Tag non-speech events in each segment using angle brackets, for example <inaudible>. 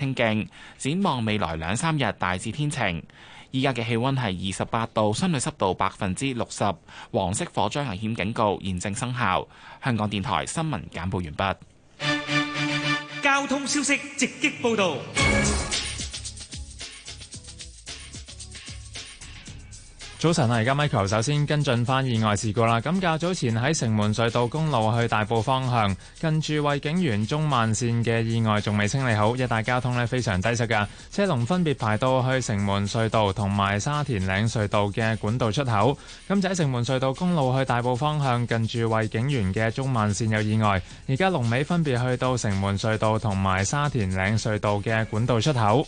清勁，展望未來兩三日大致天晴。依家嘅氣溫係二十八度，相對濕度百分之六十，黃色火災危險警告現正生效。香港電台新聞簡報完畢。交通消息直擊報道。早晨啊，而家 Michael 首先跟進翻意外事故啦。咁較早前喺城門隧道公路去大埔方向，近住惠景園中慢線嘅意外仲未清理好，一帶交通呢非常擠塞嘅車龍，分別排到去城門隧道同埋沙田嶺隧道嘅管道出口。咁就喺城門隧道公路去大埔方向，近住惠景園嘅中慢線有意外，而家龍尾分別去到城門隧道同埋沙田嶺隧道嘅管道出口。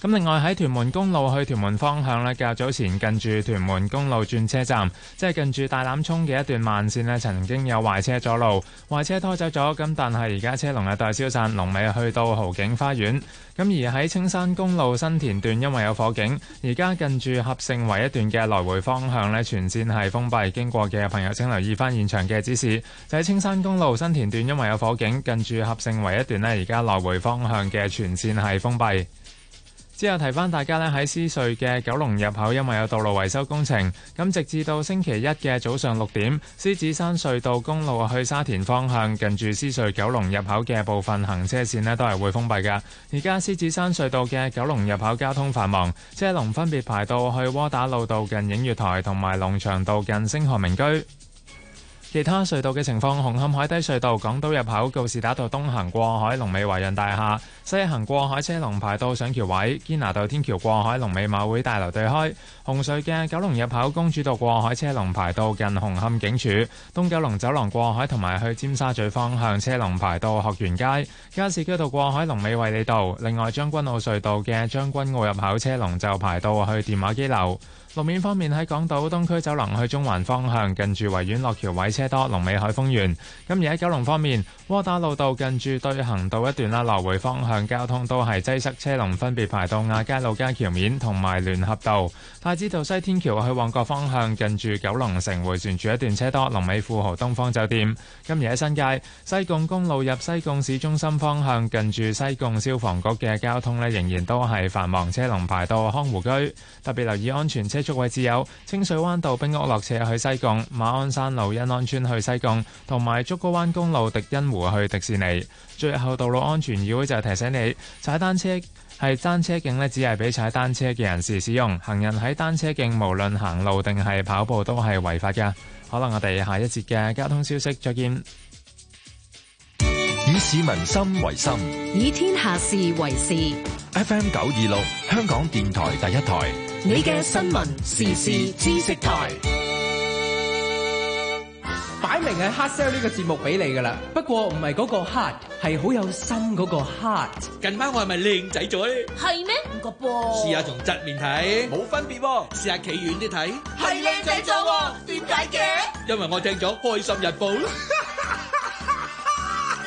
咁另外喺屯門公路去屯門方向呢，較早前近住屯門公路轉車站，即係近住大欖涌嘅一段慢線呢，曾經有壞車阻路，壞車拖走咗。咁但係而家車龍有待消散，龍尾去到豪景花園。咁而喺青山公路新田段，因為有火警，而家近住合盛圍一段嘅來回方向呢，全線係封閉。經過嘅朋友，請留意返現場嘅指示。就喺青山公路新田段，因為有火警，近住合盛圍一段呢，而家來回方向嘅全線係封閉。之後提翻大家呢，喺獅隧嘅九龍入口，因為有道路維修工程，咁直至到星期一嘅早上六點，獅子山隧道公路去沙田方向近住獅隧九龍入口嘅部分行車線呢，都係會封閉噶。而家獅子山隧道嘅九龍入口交通繁忙，車龍分別排到去窩打老道近影月台同埋龍翔道近星河明居。其他隧道嘅情況，紅磡海底隧道港島入口告士打道東行過海，龍尾華潤大廈；西行過海車龍排到上橋位，堅拿道天橋過海龍尾馬會大樓對開。紅隧嘅九龍入口公主道過海車龍排到近紅磡警署，東九龍走廊過海同埋去尖沙咀方向車龍排到學園街，加士居道過海龍尾衛理道。另外將軍澳隧道嘅將軍澳入口車龍就排到去電話機樓。路面方面喺港島東區走廊去中環方向，近住維園落橋位車多；龍尾海豐園。咁而喺九龍方面，窩打老道近住對行道一段啦，來回方向交通都係擠塞，車龍分別排到亞皆老街橋面同埋聯合道。太子道西天橋去旺角方向，近住九龍城回旋處一段車多，龍尾富豪東方酒店。今日喺新界西貢公路入西貢市中心方向，近住西貢消防局嘅交通呢，仍然都係繁忙車，車龍排到康湖居。特別留意安全車。嘅座位置有清水灣道冰屋落斜去西貢，馬鞍山路欣安村去西貢，同埋竹篙灣公路迪欣湖去迪士尼。最後道路安全議會就提醒你，踩單車係單車徑呢只係俾踩單車嘅人士使用。行人喺單車徑無論行路定係跑步都係違法噶。可能我哋下一節嘅交通消息再見。以市民心為心，以天下事為事。FM 九二六，香港電台第一台。你嘅新聞時事知識台，擺明係 hard sell 呢個節目俾你㗎喇。不過唔係嗰個 hard，係好有心嗰個 heart。近排我係咪靚仔咗？係咩？唔覺噃？試下從側面睇，冇分別。試下企遠啲睇，係靚仔咗。點解嘅？因為我聽咗《開心日報》。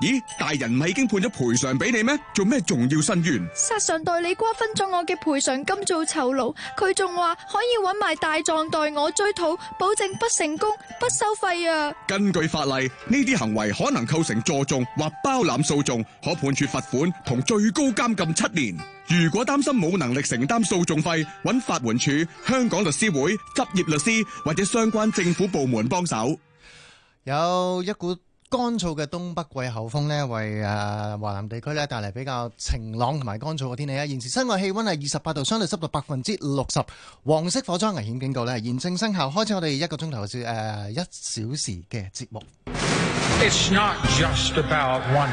咦，大人唔係已經判咗賠償俾你咩？做咩仲要申冤？殺上代理瓜分咗我嘅賠償金做酬勞，佢仲話可以搵埋大狀代我追討，保證不成功不收費啊！根據法例，呢啲行為可能構成助訟或包攬訴訟，可判處罰款同最高監禁七年。如果擔心冇能力承擔訴訟費，搵法援署、香港律師會、執業律師或者相關政府部門幫手。有一股。乾燥嘅東北季候風呢，為誒華南地區呢帶嚟比較晴朗同埋乾燥嘅天氣啊！現時室外氣溫係二十八度，相對濕度百分之六十，黃色火災危險警告呢，現正生效。開始我哋一個鐘頭誒一小時嘅節目。It's not just about one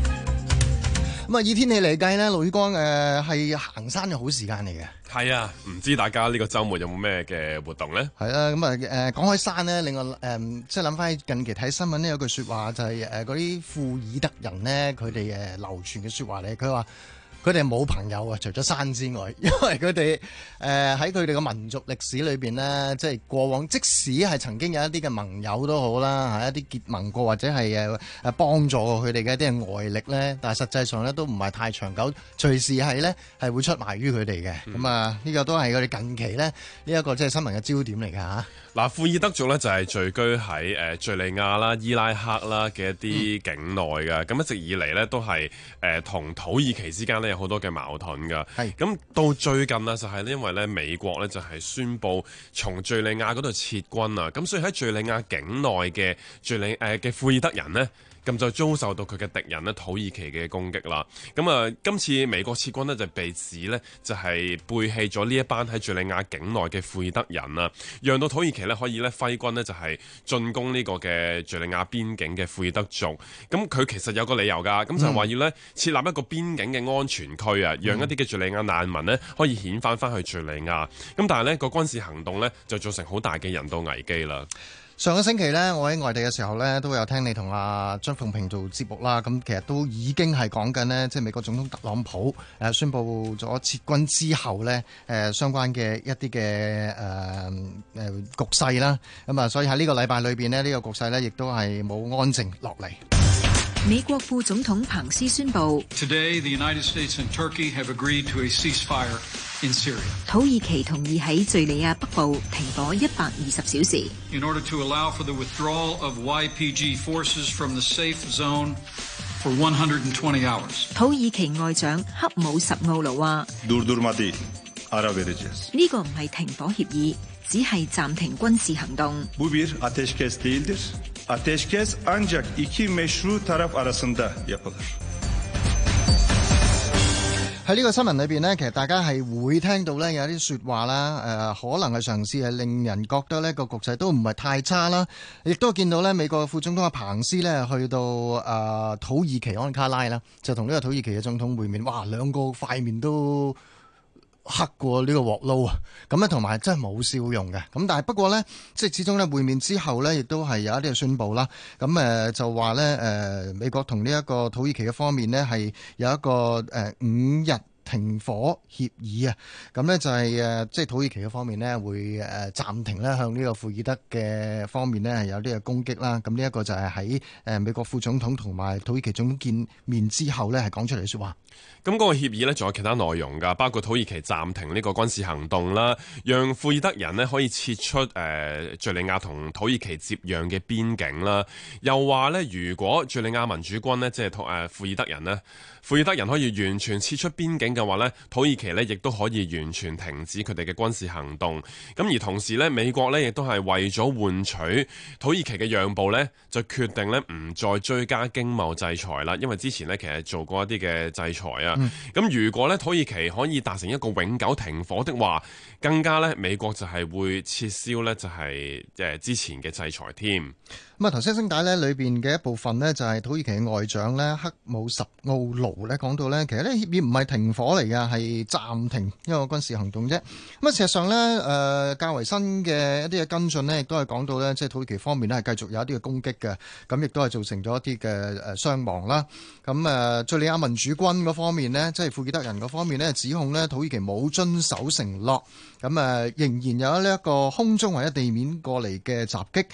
咁啊，以天氣嚟計咧，雨光誒係行山嘅好時間嚟嘅。係啊，唔知大家呢個週末有冇咩嘅活動咧？係啦、啊，咁啊誒講開山咧，另外即係諗翻近期睇新聞呢，有句說話就係誒嗰啲庫爾德人咧，佢哋流傳嘅說話咧，佢話。佢哋冇朋友啊，除咗山之外，因為佢哋誒喺佢哋嘅民族歷史裏邊咧，即係過往即使係曾經有一啲嘅盟友都好啦，吓一啲結盟過或者係誒誒幫助過佢哋嘅一啲外力咧，但係實際上咧都唔係太長久，隨時係咧係會出賣於佢哋嘅。咁、嗯、啊，呢、呢個都係佢哋近期咧呢一個即係新聞嘅焦點嚟嘅吓嗱，庫、嗯、爾德族咧就係聚居喺誒敘利亞啦、伊拉克啦嘅一啲境內嘅，咁、嗯、一直以嚟咧都係誒同土耳其之間咧。有好多嘅矛盾㗎，係咁是到最近呢，就係因為咧美國咧就係宣布從敘利亞嗰度撤軍啊，咁所以喺敘利亞境內嘅敘利亞誒嘅庫爾德人呢。咁就遭受到佢嘅敵人呢，土耳其嘅攻擊啦。咁啊，今次美國撤軍呢，就被指呢就係、是、背棄咗呢一班喺敍利亞境內嘅庫爾德人啊，讓到土耳其呢可以呢揮軍呢就係、是、進攻呢個嘅敍利亞邊境嘅庫爾德族。咁佢其實有個理由㗎，咁就係話要呢設立一個邊境嘅安全區啊，讓一啲嘅敍利亞難民呢可以遣返翻去敍利亞。咁但係呢，那個軍事行動呢，就造成好大嘅人道危機啦。上個星期呢，我喺外地嘅時候呢，都有聽你同阿張鳳萍做節目啦。咁其實都已經係講緊呢，即係美國總統特朗普誒宣布咗撤軍之後呢，誒相關嘅一啲嘅誒誒局勢啦。咁啊，所以喺呢個禮拜裏邊呢，呢個局勢呢，亦都係冇安靜落嚟。美國副總統彭斯宣布，土耳其同意喺敘利亞北部停火一百二十小時。土耳其外長黑姆什奧魯話，呢個唔係停火協議，只係暫停軍事行動。喺呢個在這個新聞裏邊呢，其實大家係會聽到呢有啲些說話啦，呃，可能係嘗試係令人覺得呢個局勢都唔係太差啦。亦都見到呢美國副總統阿彭斯呢去到，呃，土耳其安卡拉啦，就同呢個土耳其嘅總統會面。哇，兩個塊面都。黑過呢個鑊撈啊！咁呢同埋真係冇笑容嘅。咁但係不過呢，即係始終呢會面之後呢，亦都係有一啲嘅宣佈啦。咁誒就話呢，誒美國同呢一個土耳其嘅方面呢，係有一個誒五日，停火協議啊，咁咧就係誒即係土耳其嘅方面咧，會誒暫停咧向呢個庫爾德嘅方面咧係有呢個攻擊啦。咁呢一個就係喺誒美國副總統同埋土耳其總統見面之後咧，係講出嚟說話，咁、那、嗰個協議咧，仲有其他內容噶，包括土耳其暫停呢個軍事行動啦，讓庫爾德人咧可以撤出誒敘、呃、利亞同土耳其接壤嘅邊境啦。又話咧，如果敘利亞民主軍咧，即係同誒庫爾德人咧，庫爾德人可以完全撤出邊境，嘅話咧，土耳其咧亦都可以完全停止佢哋嘅軍事行動。咁而同時咧，美國咧亦都係為咗換取土耳其嘅讓步咧，就決定咧唔再追加經貿制裁啦。因為之前咧其實做過一啲嘅制裁啊。咁、嗯、如果咧土耳其可以達成一個永久停火的話，更加咧美國就係會撤銷咧就係即係之前嘅制裁添。咁啊，頭先聲帶咧，裏面嘅一部分呢，就係土耳其嘅外長咧，克武什奧盧咧，講到咧，其實呢，協議唔係停火嚟㗎，係暫停因為軍事行動啫。咁啊，事實上咧，誒、呃、較為新嘅一啲嘅跟進呢，亦都係講到咧，即係土耳其方面呢，係繼續有一啲嘅攻擊嘅，咁亦都係造成咗一啲嘅誒傷亡啦。咁、啊、誒，敍利亞民主軍嗰方面呢，即係庫爾德人嗰方面呢，指控呢土耳其冇遵守承諾，咁仍然有呢一個空中或者地面過嚟嘅襲擊。.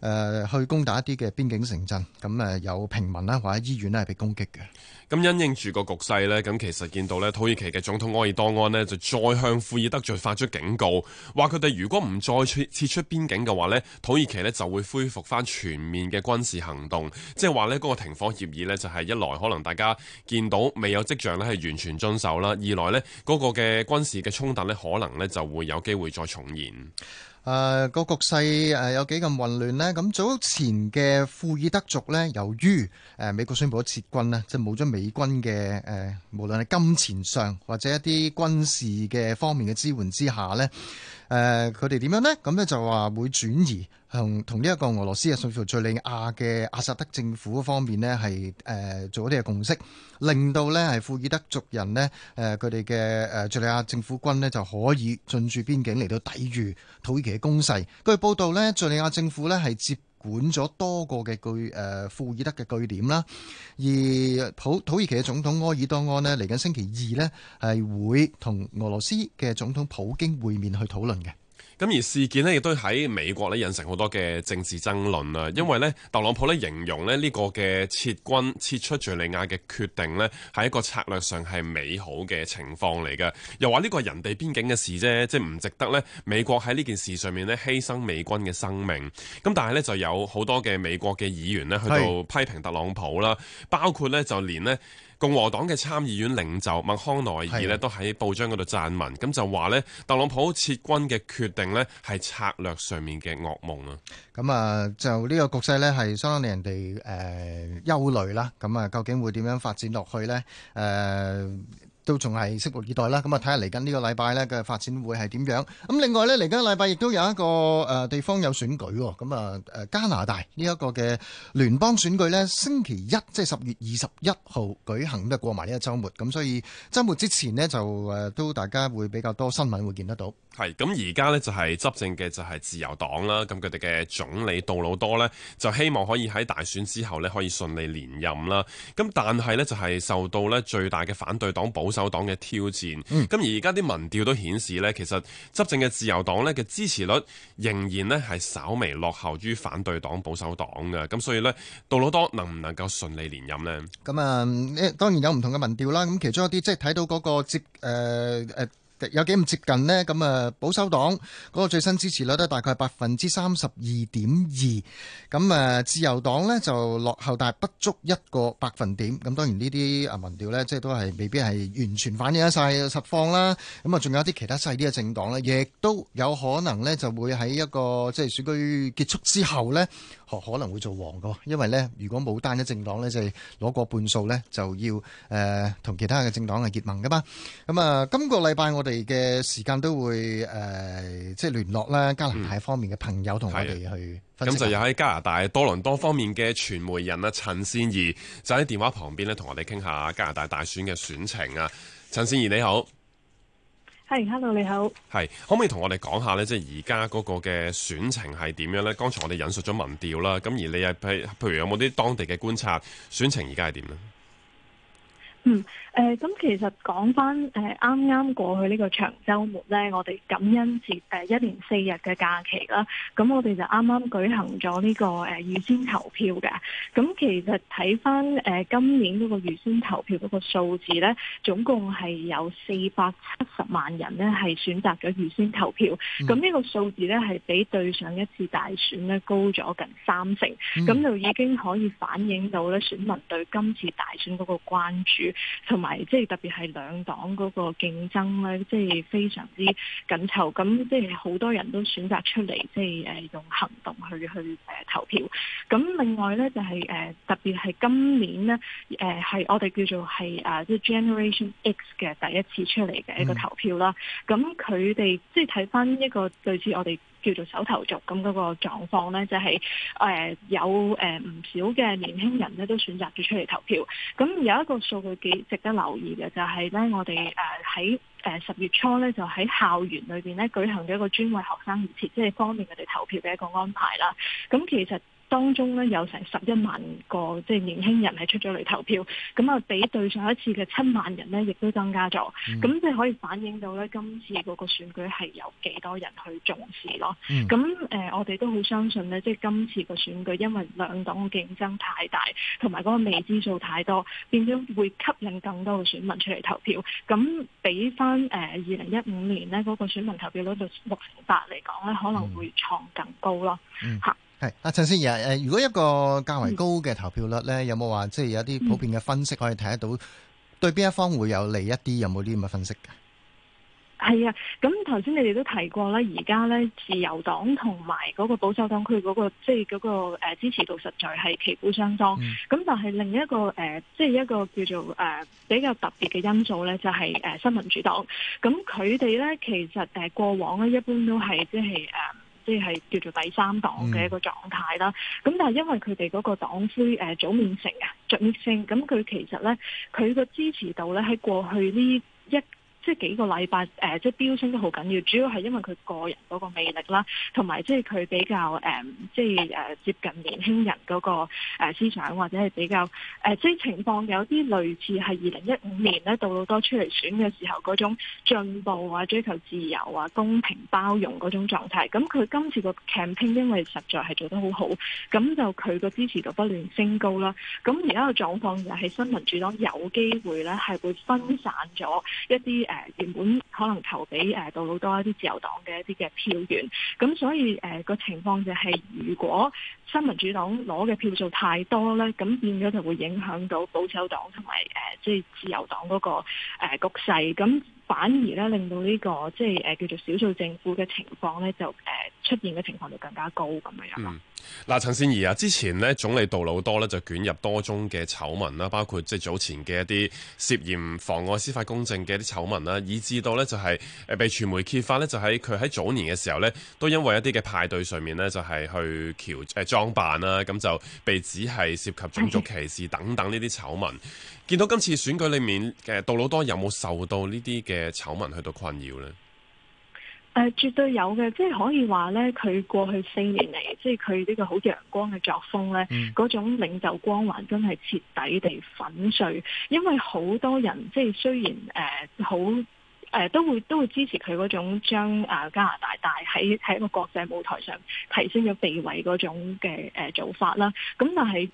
誒去攻打一啲嘅邊境城鎮，咁誒有平民啦，或者醫院咧係被攻擊嘅。咁因應住個局勢呢，咁其實見到咧，土耳其嘅總統埃爾多安呢，就再向庫爾德族發出警告，話佢哋如果唔再撤出邊境嘅話呢，土耳其呢就會恢復翻全面嘅軍事行動。即係話呢嗰個停火協議呢，就係一來可能大家見到未有跡象呢係完全遵守啦，二來呢，嗰個嘅軍事嘅衝突呢，可能呢就會有機會再重現。誒、呃，個局勢誒有幾咁混亂呢？咁早前嘅庫爾德族呢，由於誒、呃、美國宣布咗撤軍，即係冇咗美軍嘅誒、呃，無論係金錢上或者一啲軍事嘅方面嘅支援之下呢，誒、呃，佢哋點樣呢？咁呢就話會轉移。同同呢一個俄羅斯啊，屬於敍利亞嘅阿薩德政府方面呢係誒做一啲嘅共識，令到呢係庫爾德族人呢，誒佢哋嘅誒敍利亞政府軍呢，就可以進駐邊境嚟到抵禦土耳其嘅攻勢。據報道呢，敍利亞政府呢係接管咗多個嘅據誒庫爾德嘅據點啦，而土土耳其嘅總統埃爾多安呢，嚟緊星期二呢，係會同俄羅斯嘅總統普京會面去討論嘅。咁而事件呢亦都喺美國咧引成好多嘅政治爭論啦。因為咧，特朗普咧形容咧呢個嘅撤軍撤出敘利亞嘅決定呢係一個策略上係美好嘅情況嚟嘅。又話呢個人地邊境嘅事啫，即係唔值得咧美國喺呢件事上面咧犧牲美軍嘅生命。咁但係呢，就有好多嘅美國嘅議員呢去到批評特朗普啦，包括呢，就連呢共和黨嘅參議院領袖麥康奈爾呢都喺報章嗰度撰文，咁就話呢特朗普撤軍嘅決定呢係策略上面嘅噩夢啊！咁啊就呢個局勢呢係相當令人哋誒、呃、憂慮啦。咁啊究竟會點樣發展落去呢？誒、呃。都仲係拭目以待啦，咁啊睇下嚟緊呢個禮拜呢嘅發展會係點樣？咁另外呢，嚟緊禮拜亦都有一個誒地方有選舉喎，咁啊加拿大呢一個嘅聯邦選舉呢，星期一即係十月二十一號舉行，都過過埋呢個週末，咁所以週末之前呢，就都大家會比較多新聞會見得到。係咁而家呢就係執政嘅就係自由黨啦，咁佢哋嘅總理杜魯多呢，就希望可以喺大選之後呢可以順利連任啦。咁但係呢就係受到呢最大嘅反對黨保守黨嘅挑戰。咁、嗯、而家啲民調都顯示呢，其實執政嘅自由黨呢嘅支持率仍然呢係稍微落後於反對黨保守黨嘅。咁所以呢，杜魯多能唔能夠順利連任呢？咁、嗯、啊，當然有唔同嘅民調啦。咁其中一啲即係睇到嗰、嗰個接、呃有幾咁接近呢？咁啊，保守黨嗰個最新支持率都大概百分之三十二點二。咁啊，自由黨呢就落後，但係不足一個百分點。咁當然呢啲啊民調呢，即係都係未必係完全反映得晒實況啦。咁啊，仲有一啲其他細啲嘅政黨呢，亦都有可能呢就會喺一個即係選舉結束之後呢，可能會做王噶，因為咧，如果冇單一政黨咧，就係、是、攞過半數咧，就要誒同、呃、其他嘅政黨啊結盟噶嘛。咁、呃、啊，今個禮拜我哋嘅時間都會誒、呃、即係聯絡咧加拿大方面嘅朋友同我哋去分析。咁、嗯、就係喺加拿大多倫多方面嘅傳媒人啊，陳仙儀就喺電話旁邊咧，同我哋傾下加拿大大選嘅選情啊。陳仙儀你好。係，hello，你好。係，可唔可以同我哋講下呢？即係而家嗰個嘅選情係點樣呢？剛才我哋引述咗民調啦，咁而你又譬譬如有冇啲當地嘅觀察？選情而家係點呢？嗯。誒、嗯、咁其實講翻誒啱啱過去呢個長週末咧，我哋感恩節誒一連四日嘅假期啦，咁我哋就啱啱舉行咗呢個誒預先投票嘅。咁其實睇翻誒今年嗰個預先投票嗰個數字咧，總共係有四百七十萬人咧係選擇咗預先投票。咁、嗯、呢個數字咧係比對上一次大選咧高咗近三成，咁、嗯、就已經可以反映到咧選民對今次大選嗰個關注同埋。係即係特別係兩黨嗰個競爭咧，即係非常之緊湊。咁即係好多人都選擇出嚟，即係誒用行動去去誒投票。咁另外咧就係誒特別係今年咧誒係我哋叫做係啊即係 Generation X 嘅第一次出嚟嘅一個投票啦。咁佢哋即係睇翻一個類似我哋。叫做手投足咁嗰個狀況呢，就係、是、誒有誒唔少嘅年輕人呢都選擇咗出嚟投票。咁有一個數據幾值得留意嘅，就係、是、呢我哋誒喺誒十月初呢，就喺校園裏邊呢舉行咗一個專為學生而設，即、就、係、是、方便佢哋投票嘅一個安排啦。咁其實。當中咧有成十一萬個即係年輕人係出咗嚟投票，咁啊比對上一次嘅七萬人咧，亦都增加咗。咁、嗯、即係可以反映到咧，今次嗰個選舉係有幾多人去重視咯。咁、嗯、我哋都好相信咧，即係今次個選舉，因為兩黨競爭太大，同埋嗰個未知數太多，變咗會吸引更多嘅選民出嚟投票。咁俾翻誒二零一五年咧嗰個選民投票率就六成八嚟講咧，可能會創更高咯。嗯嗯。係，啊，陳思怡如果一個較為高嘅投票率呢，嗯、有冇話即係有啲、就是、普遍嘅分析可以睇得到，對邊一方會有利一啲？有冇啲咁嘅分析嘅？係啊，咁頭先你哋都提過啦，而家呢，自由黨同埋嗰個保守黨、那個，佢、就、嗰、是、個即係個誒支持度實在係旗鼓相當。咁、嗯、但係另一個誒，即、呃、係、就是、一個叫做誒、呃、比較特別嘅因素呢、就是，就係誒新民主黨。咁佢哋呢，其實誒、呃、過往呢，一般都係即係誒。就是呃即係叫做第三黨嘅一個狀態啦，咁、嗯、但係因為佢哋嗰個黨魁誒早、呃、面成啊，著熱升，咁佢其實咧，佢個支持度咧喺過去呢一，即係幾個禮拜，誒，即係飆升得好緊要，主要係因為佢個人嗰個魅力啦，同埋即係佢比較誒，即係誒接近年輕人嗰個思想，或者係比較誒，即、呃、係情況有啲類似係二零一五年咧，杜魯多出嚟選嘅時候嗰種進步啊、追求自由啊、公平包容嗰種狀態。咁佢今次個 campaign 因為實在係做得好好，咁就佢個支持度不斷升高啦。咁而家嘅狀況就係新民主黨有機會咧，係會分散咗一啲。誒，原本可能投俾誒杜魯多一啲自由黨嘅一啲嘅票源，咁所以、那個情況就係、是，如果新民主黨攞嘅票數太多咧，咁變咗就會影響到保守黨同埋誒即係自由黨嗰個局勢，咁反而咧令到呢、這個即係、就是、叫做少數政府嘅情況咧就出現嘅情況就更加高咁樣樣啦。嗱、嗯呃，陳善儀啊，之前咧總理杜魯多咧就捲入多宗嘅醜聞啦，包括即係早前嘅一啲涉嫌妨礙、妨礙司法公正嘅一啲醜聞啦，以至到咧就係誒被傳媒揭發咧，就喺佢喺早年嘅時候咧都因為一啲嘅派對上面咧就係去喬誒、呃、裝扮啦，咁就被指係涉及種族歧視等等呢啲醜聞，嗯。見到今次選舉裡面嘅杜魯多有冇受到呢啲嘅醜聞去到困擾呢？誒、呃、絕對有嘅，即係可以話呢，佢過去四年嚟，即係佢呢個好陽光嘅作風呢，嗰、嗯、種領袖光環真係徹底地粉碎。因為好多人即係雖然誒好誒都會都會支持佢嗰種將啊、呃、加拿大帶喺喺一個國際舞台上提升咗地位嗰種嘅誒、呃、做法啦，咁但係，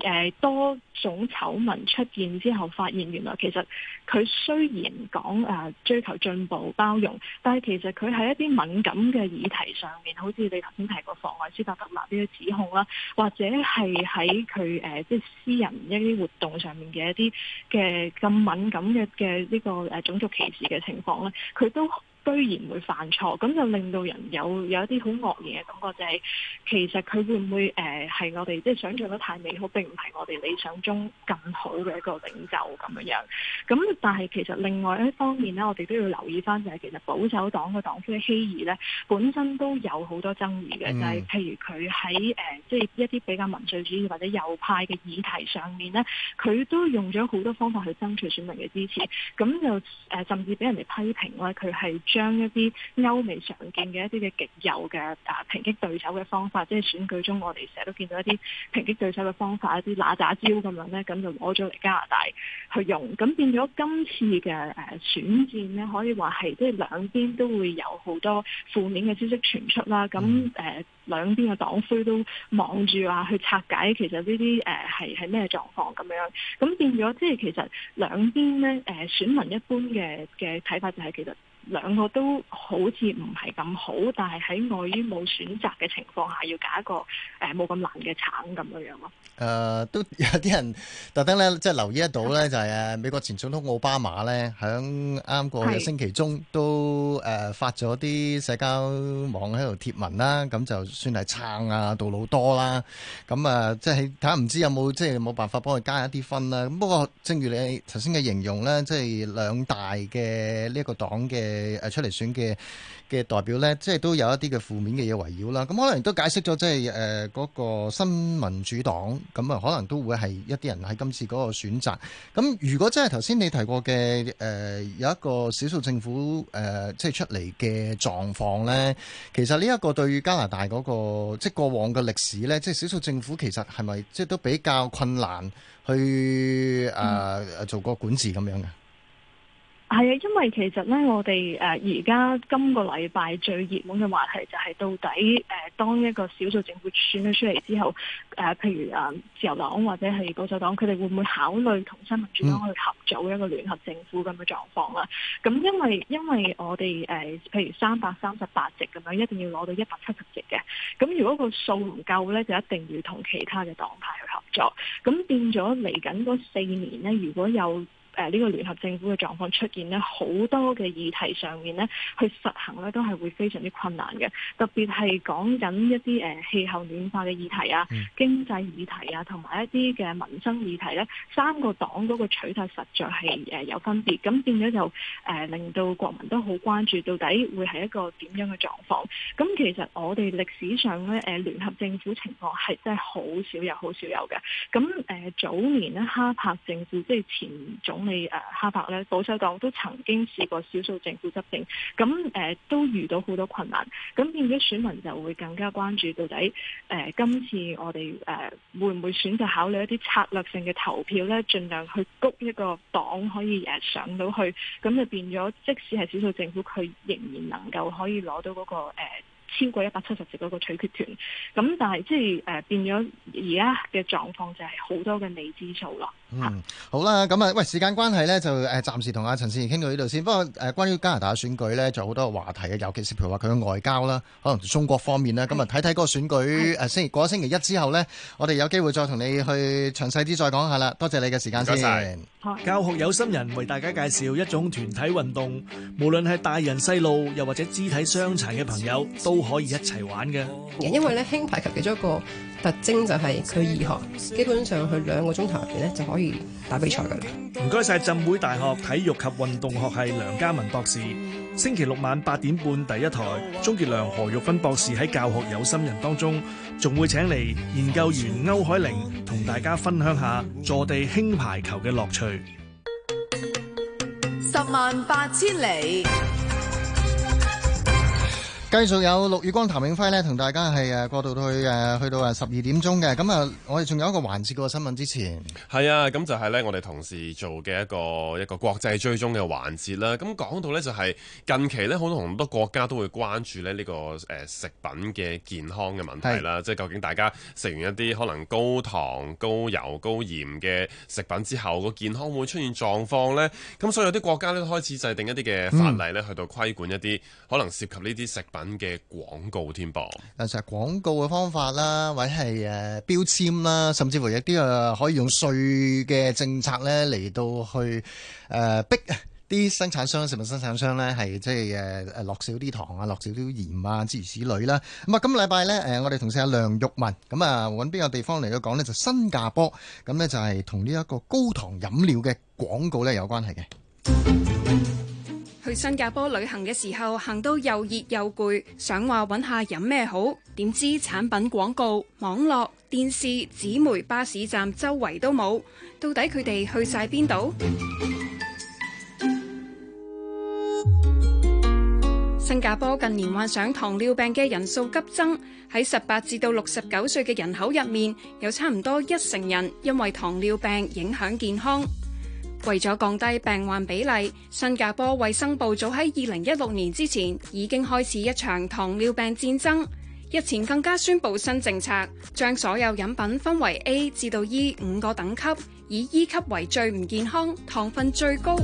誒多種醜聞出現之後，發現原來其實佢雖然講誒追求進步、包容，但係其實佢喺一啲敏感嘅議題上面，好似你頭先提過妨礙司法獨立呢啲、這個、指控啦，或者係喺佢誒即係私人一啲活動上面嘅一啲嘅咁敏感嘅嘅呢個誒種族歧視嘅情況咧，佢都。居然會犯錯，咁就令到人有有一啲好愕然嘅感覺、就是會會呃，就係其實佢會唔會誒係我哋即係想像得太美好，並唔係我哋理想中更好嘅一個領袖咁樣樣。咁但係其實另外一方面呢，我哋都要留意翻就係、是、其實保守黨嘅黨魁希爾呢，本身都有好多爭議嘅，就係、是、譬如佢喺誒即係一啲比較民粹主，主義或者右派嘅議題上面呢，佢都用咗好多方法去爭取選民嘅支持，咁就、呃、甚至俾人哋批評呢，佢係。將一啲歐美常見嘅一啲嘅極右嘅啊，抨擊對手嘅方法，即係選舉中，我哋成日都見到一啲抨擊對手嘅方法，一啲揦鮓招咁樣咧，咁就攞咗嚟加拿大去用。咁變咗今次嘅誒、啊、選戰咧，可以話係即係兩邊都會有好多負面嘅消息傳出啦。咁誒、啊啊、兩邊嘅黨魁都望住話去拆解其實呢啲誒係係咩狀況咁樣。咁變咗即係其實兩邊咧誒、啊、選民一般嘅嘅睇法就係、是、其實。兩個都好似唔係咁好，但係喺礙於冇選擇嘅情況下，要揀一個誒冇咁難嘅橙咁樣咯。誒都有啲人特登咧，即係留意得到咧，就係誒美國前總統奧巴馬咧，響啱過去嘅星期中都誒發咗啲社交網喺度貼文啦，咁就算係撐啊杜魯多啦，咁啊即係睇下唔知有冇即係冇辦法幫佢加一啲分啦。不過正如你頭先嘅形容咧，即係兩大嘅呢一個黨嘅。誒出嚟選嘅嘅代表呢，即係都有一啲嘅負面嘅嘢圍繞啦。咁可能都解釋咗，即係誒嗰個新民主黨咁啊，可能都會係一啲人喺今次嗰個選擇。咁如果真係頭先你提過嘅誒、呃，有一個少數政府誒、呃，即係出嚟嘅狀況呢，其實呢一個對於加拿大嗰、那個即係過往嘅歷史呢，即係少數政府其實係咪即係都比較困難去誒、呃、做個管治咁樣嘅？嗯係啊，因為其實咧，我哋誒而家今個禮拜最熱門嘅話題就係到底誒、呃，當一個少數政府選咗出嚟之後，誒、呃，譬如啊，自由黨或者係保守黨，佢哋會唔會考慮同新民主黨去合組一個聯合政府咁嘅狀況咧？咁、嗯、因為因為我哋誒、呃，譬如三百三十八席咁樣，一定要攞到一百七十席嘅。咁如果個數唔夠咧，就一定要同其他嘅黨派去合作。咁變咗嚟緊嗰四年咧，如果有。誒、這、呢個聯合政府嘅狀況出現咧，好多嘅議題上面咧，去實行咧都係會非常之困難嘅。特別係講緊一啲誒氣候暖化嘅議題啊、經濟議題啊，同埋一啲嘅民生議題咧，三個黨嗰個取態實在係誒有分別。咁變咗就誒令到國民都好關注，到底會係一個點樣嘅狀況。咁其實我哋歷史上咧誒聯合政府情況係真係好少有，好少有嘅。咁誒早年呢，哈柏政府即係前總。係誒，哈伯咧，保守黨都曾經試過少數政府執政，咁誒、呃、都遇到好多困難，咁變咗選民就會更加關注，到底誒、呃，今次我哋誒、呃、會唔會選擇考慮一啲策略性嘅投票咧，盡量去谷一個黨可以誒上到去，咁就變咗即使係少數政府，佢仍然能夠可以攞到嗰、那個誒、呃、超過一百七十席嗰個取決權，咁但係即係誒變咗而家嘅狀況就係好多嘅未知數咯。嗯，好啦，咁啊，喂，時間關係咧，就暫時同阿陳倩怡傾到呢度先。不過、呃、關於加拿大嘅選舉咧，仲有好多話題嘅，尤其是譬如話佢嘅外交啦，可能中國方面啦，咁啊睇睇個選舉，舉、嗯啊、星期過咗星期一之後咧，我哋有機會再同你去詳細啲再講下啦。多謝你嘅時間先。唔該晒。教學有心人為大家介紹一種團體運動，無論係大人細路，又或者肢體傷殘嘅朋友都可以一齊玩嘅。因為咧，輕排球其中一個特徵就係佢易學，基本上佢兩個鐘頭入邊咧就可以打比賽，唔該曬浸會大學體育及運動學系梁家文博士。星期六晚八點半第一台，鍾杰良、何玉芬博士喺教學有心人當中，仲會請嚟研究員歐海玲，同大家分享下坐地輕排球嘅樂趣。十萬八千里。繼續有陸宇光、譚永輝咧，同大家係誒過渡到去誒去到誒十二點鐘嘅咁啊！我哋仲有一個環節，個新聞之前係啊，咁就係咧我哋同事做嘅一個一個國際追蹤嘅環節啦。咁講到咧就係近期咧，好多好多國家都會關注咧呢個誒食品嘅健康嘅問題啦。即係、就是、究竟大家食完一啲可能高糖、高油、高鹽嘅食品之後、個健康會出現狀況咧？咁所以有啲國家咧開始制定一啲嘅法例咧，去到規管一啲可能涉及呢啲食品嗯嘅廣告添噃，誒其實廣告嘅方法啦，或者係誒標籤啦，甚至乎一啲誒可以用稅嘅政策咧嚟到去誒逼啲生產商、食物生產商咧係即係誒誒落少啲糖啊，落少少鹽啊諸如此類啦。咁啊，今個禮拜咧誒，我哋同事阿梁玉文咁啊揾邊個地方嚟去講咧，就是、新加坡咁咧就係同呢一個高糖飲料嘅廣告咧有關係嘅。去新加坡旅行嘅時候，行到又熱又攰，想話揾下飲咩好，點知產品廣告、網絡、電視、紙媒、巴士站周圍都冇，到底佢哋去晒邊度？新加坡近年患上糖尿病嘅人數急增，喺十八至到六十九歲嘅人口入面，有差唔多一成人因為糖尿病影響健康。為咗降低病患比例，新加坡衛生部早喺二零一六年之前已經開始一場糖尿病戰爭。日前更加宣布新政策，將所有飲品分為 A 至到 E 五個等級，以 E 級為最唔健康、糖分最高。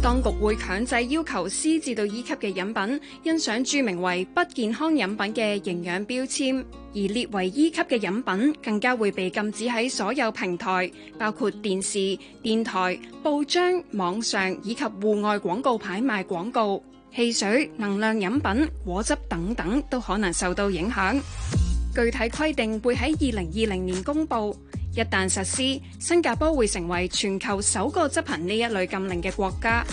當局會強制要求 C 至到 E 級嘅飲品，印上注明為不健康飲品嘅營養標籤；而列為 E 級嘅飲品，更加會被禁止喺所有平台，包括電視、電台、報章、網上以及戶外廣告牌賣廣告。汽水、能量飲品、果汁等等，都可能受到影響。具體規定會喺二零二零年公布。一旦實施，新加坡會成為全球首個執行呢一類禁令嘅國家。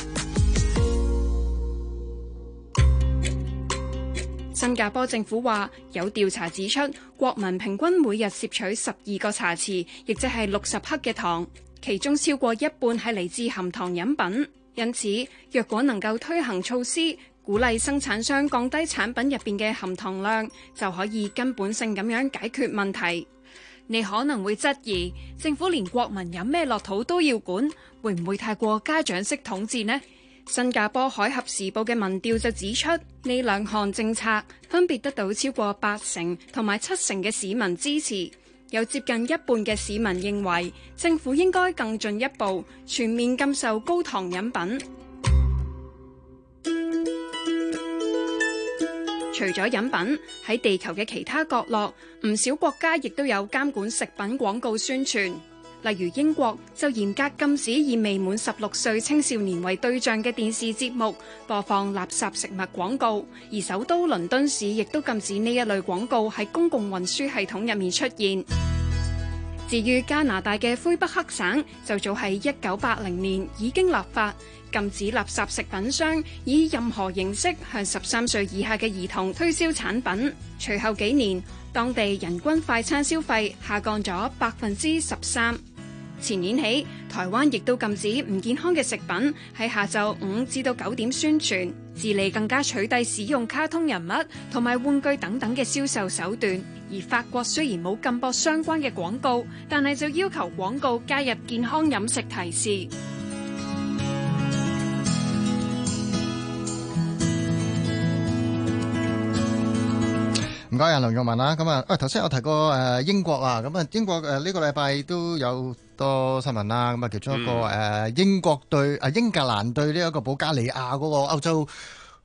新加坡政府話，有調查指出，國民平均每日攝取十二個茶匙，亦即係六十克嘅糖，其中超過一半係嚟自含糖飲品。因此，若果能夠推行措施，鼓勵生產商降低產品入面嘅含糖量，就可以根本性咁樣解決問題。你可能會質疑政府連國民飲咩落肚都要管，會唔會太過家長式統治呢？新加坡《海峽時報》嘅民調就指出，呢兩項政策分別得到超過八成同埋七成嘅市民支持，有接近一半嘅市民認為政府應該更進一步全面禁售高糖飲品。 <music> 除咗飲品，喺地球嘅其他角落，唔少國家亦都有監管食品廣告宣傳。例如英國就嚴格禁止以未滿十六歲青少年為對象嘅電視節目播放垃圾食物廣告，而首都倫敦市亦都禁止呢一類廣告喺公共運輸系統入面出現。至於加拿大嘅魁北克省，就早喺一九八零年已經立法。禁止垃圾食品商以任何形式向十三歲以下嘅兒童推銷產品。隨後幾年，當地人均快餐消費下降咗百分之十三。前年起，台灣亦都禁止唔健康嘅食品喺下晝五至到九點宣傳，治理更加取締使用卡通人物同埋玩具等等嘅銷售手段。而法國雖然冇禁播相關嘅廣告，但係就要求廣告加入健康飲食提示。唔該啊，梁玉文啦，咁啊，啊頭先我提過誒英國啊，咁啊英國誒呢個禮拜都有多新聞啦，咁啊其中一個誒英國對啊英格蘭對呢一個保加利亞嗰個歐洲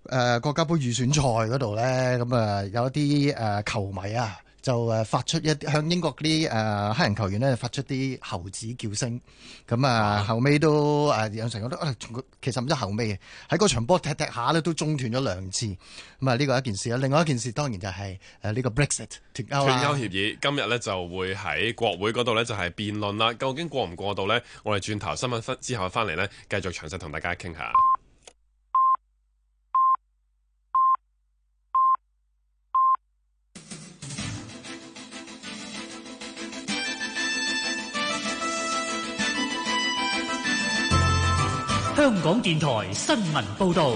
誒國家杯預選賽嗰度咧，咁啊有一啲誒球迷啊。就誒發出一啲向英國啲誒、呃、黑人球員呢發出啲猴子叫聲咁啊。後尾都誒有成覺得其實唔知後尾喺嗰場波踢踢下呢都中斷咗兩次咁啊。呢個一件事啊，另外一件事當然就係誒呢個 Brexit 脫歐、啊、協議今日呢就會喺國會嗰度呢就係辯論啦。究竟過唔過到呢？我哋轉頭新聞之後翻嚟呢，繼續詳細同大家傾下。香港電台新聞報道，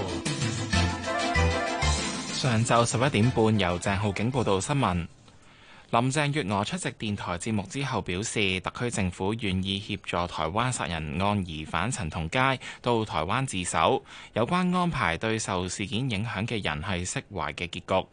上晝十一點半由鄭浩景報道新聞。林鄭月娥出席電台節目之後表示，特區政府願意協助台灣殺人案疑犯陳同佳到台灣自首，有關安排對受事件影響嘅人係釋懷嘅結局。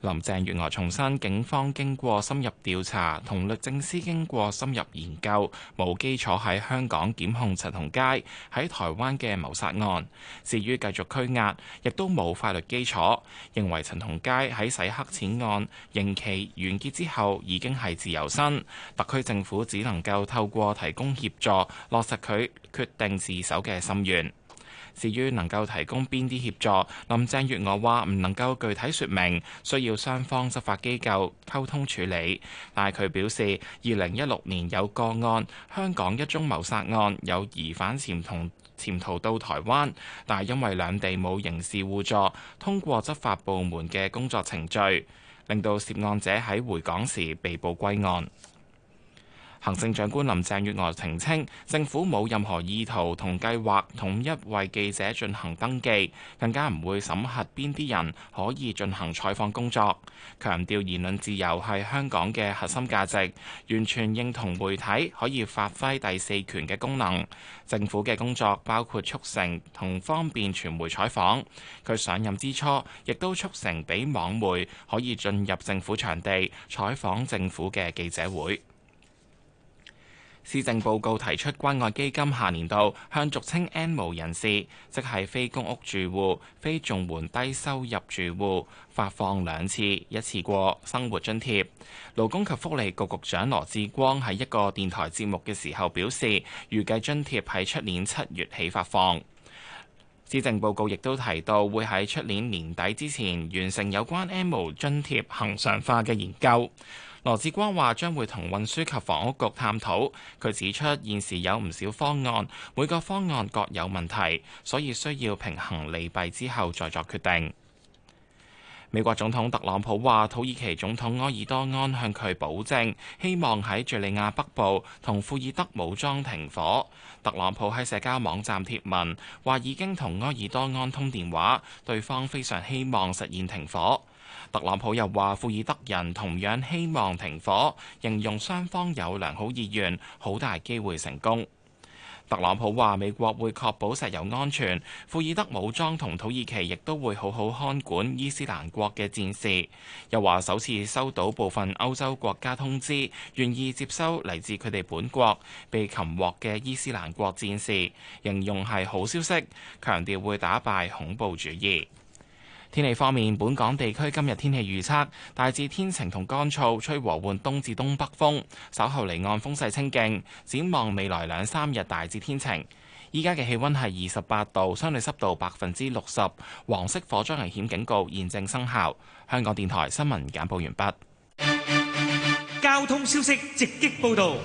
林鄭月娥重申，警方經過深入調查，同律政司經過深入研究，冇基礎喺香港檢控陳同佳喺台灣嘅謀殺案。至於繼續拘押，亦都冇法律基礎，認為陳同佳喺洗黑錢案刑期完結之後已經係自由身，特區政府只能夠透過提供協助，落實佢決定自首嘅心願。至於能夠提供邊啲協助，林鄭月娥話唔能夠具體說明，需要雙方執法機構溝通處理。但係佢表示，二零一六年有個案，香港一宗謀殺案有疑犯潛同潛逃到台灣，但係因為兩地冇刑事互助，通過執法部門嘅工作程序，令到涉案者喺回港時被捕歸案。行政長官林鄭月娥澄清，政府冇任何意圖同計劃統一為記者進行登記，更加唔會審核邊啲人可以進行採訪工作。強調言論自由係香港嘅核心價值，完全認同媒體可以發揮第四權嘅功能。政府嘅工作包括促成同方便傳媒採訪。佢上任之初亦都促成俾網媒可以進入政府場地採訪政府嘅記者會。施政報告提出關愛基金下年度向俗稱 N 無人士，即係非公屋住戶、非綜援低收入住戶，發放兩次一次過生活津貼。勞工及福利局局長羅致光喺一個電台節目嘅時候表示，預計津貼喺出年七月起發放。施政報告亦都提到，會喺出年年底之前完成有關 N 無津貼恆常化嘅研究。羅志光話將會同運輸及房屋局探討。佢指出，現時有唔少方案，每個方案各有問題，所以需要平衡利弊之後再作決定。美國總統特朗普話，土耳其總統埃爾多安向佢保證，希望喺敘利亞北部同庫爾德武裝停火。特朗普喺社交網站貼文，話已經同埃爾多安通電話，對方非常希望實現停火。特朗普又話：庫爾德人同樣希望停火，形容雙方有良好意願，好大機會成功。特朗普話：美國會確保石油安全，庫爾德武裝同土耳其亦都會好好看管伊斯蘭國嘅戰士。又話首次收到部分歐洲國家通知，願意接收嚟自佢哋本國被擒獲嘅伊斯蘭國戰士，形容係好消息，強調會打敗恐怖主義。天氣方面，本港地區今日天氣預測大致天晴同乾燥，吹和緩東至東北風，稍後離岸風勢清勁。展望未來兩三日大致天晴。依家嘅氣溫係二十八度，相對濕度百分之六十，黃色火災危險警告現正生效。香港電台新聞簡報完畢。交通消息直擊報道。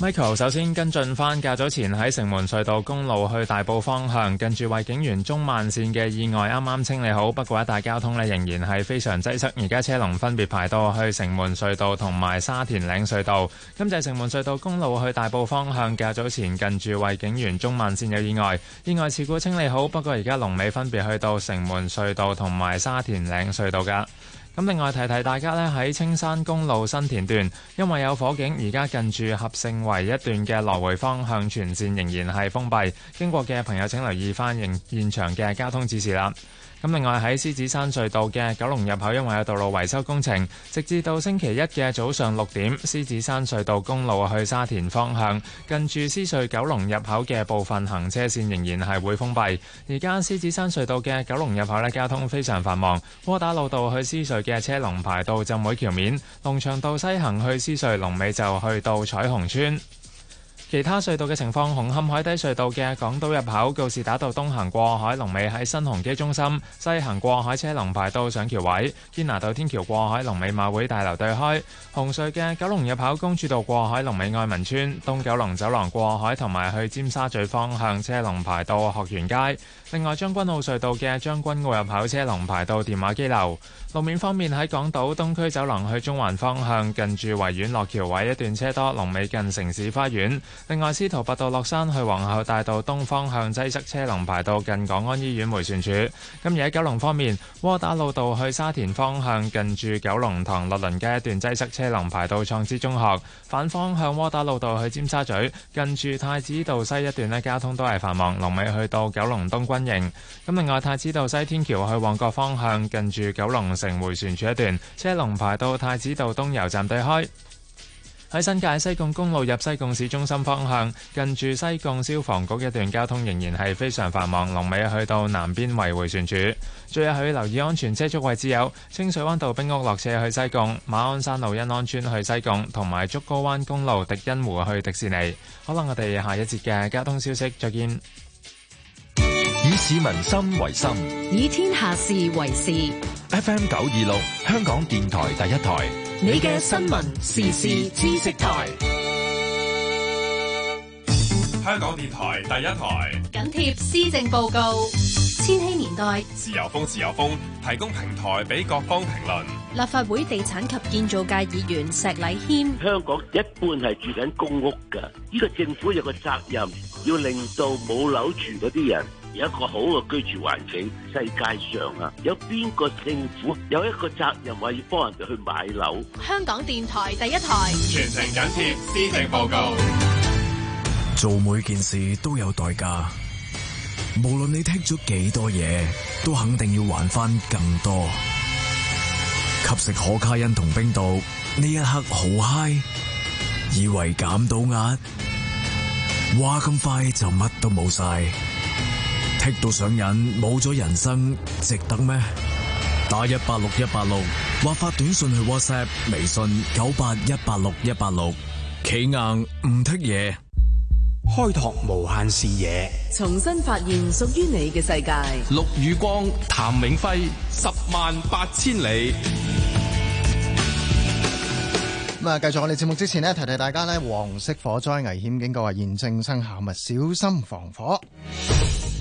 Michael 首先跟進返較早前喺城門隧道公路去大埔方向，近住惠景園中慢線嘅意外，啱啱清理好，不過一帶交通呢，仍然係非常擠塞。而家車龍分別排到去城門隧道同埋沙田嶺隧道。今次城門隧道公路去大埔方向，較早前近住惠景園中慢線有意外，意外事故清理好，不過而家龍尾分別去到城門隧道同埋沙田嶺隧道嘅。咁另外提提大家呢，喺青山公路新田段，因為有火警，而家近住合勝圍一段嘅來回方向全線仍然係封閉，經過嘅朋友請留意翻現現場嘅交通指示啦。咁另外喺獅子山隧道嘅九龍入口，因為有道路維修工程，直至到星期一嘅早上六點，獅子山隧道公路去沙田方向近住獅隧九龍入口嘅部分行車線仍然係會封閉。而家獅子山隧道嘅九龍入口咧，交通非常繁忙，窩打老道去獅隧嘅車龍排到浸會橋面，龍翔道西行去獅隧龍尾就去到彩虹邨。其他隧道嘅情況，紅磡海底隧道嘅港島入口告士打道東行過海龍尾喺新鴻基中心，西行過海車龍排到上橋位；堅拿道天橋過海龍尾馬會大樓對開。紅隧嘅九龍入口公主道過海龍尾愛民村，東九龍走廊過海同埋去尖沙咀方向車龍排到學園街。另外將軍澳隧道嘅將軍澳入口車龍排到電話機樓。路面方面喺港島東區走廊去中環方向近維，近住維園落橋位一段車多，龍尾近城市花園。另外，司徒拔道落山去皇后大道東方向擠塞，車龍排到近港安醫院迴旋處。今日喺九龍方面，窩打老道去沙田方向，近住九龍塘樂倫街一段擠塞，車龍排到創知中學。反方向窩打老道去尖沙咀，近住太子道西一段呢交通都係繁忙，龍尾去到九龍東軍。咁，另外太子道西天橋去旺角方向，近住九龍城迴旋處一段車龍排到太子道東油站對開；喺新界西貢公路入西貢市中心方向，近住西貢消防局一段交通仍然係非常繁忙，龍尾去到南邊圍迴旋處。最後要留意安全車速位置有清水灣道冰屋落車去西貢、馬鞍山路恩安村去西貢，同埋竹篙灣公路迪欣湖去迪士尼。可能我哋下一節嘅交通消息再見。以市民心為心，以天下事為事。FM 九二六，香港電台第一台，你嘅新聞時事知識台。香港電台第一台，緊貼施政報告。千禧年代，自由風，自由風，提供平台俾各方評論。立法會地產及建造界議員石禮謙：香港一半係住緊公屋噶，呢個政府有個責任，要令到冇樓住嗰啲人。有一個好嘅居住環境，世界上啊，有邊個政府有一個責任話要幫人哋去買樓？香港電台第一台，全程緊貼施政報告。做每件事都有代價，無論你聽咗幾多嘢，都肯定要還翻更多。吸食可卡因同冰毒，呢一刻好嗨，以為減到壓，哇咁快就乜都冇晒。剔到上癮，冇咗人生，值得咩？打一八六一八六，或發短信去 WhatsApp、微信九八一八六一八六。企硬唔剔嘢，開拓無限視野，重新發現屬於你嘅世界。陸宇光、譚永輝，十萬八千里。咁啊，繼續我哋節目之前呢，提提大家呢，黃色火災危險警告啊！現正生效，物小心防火。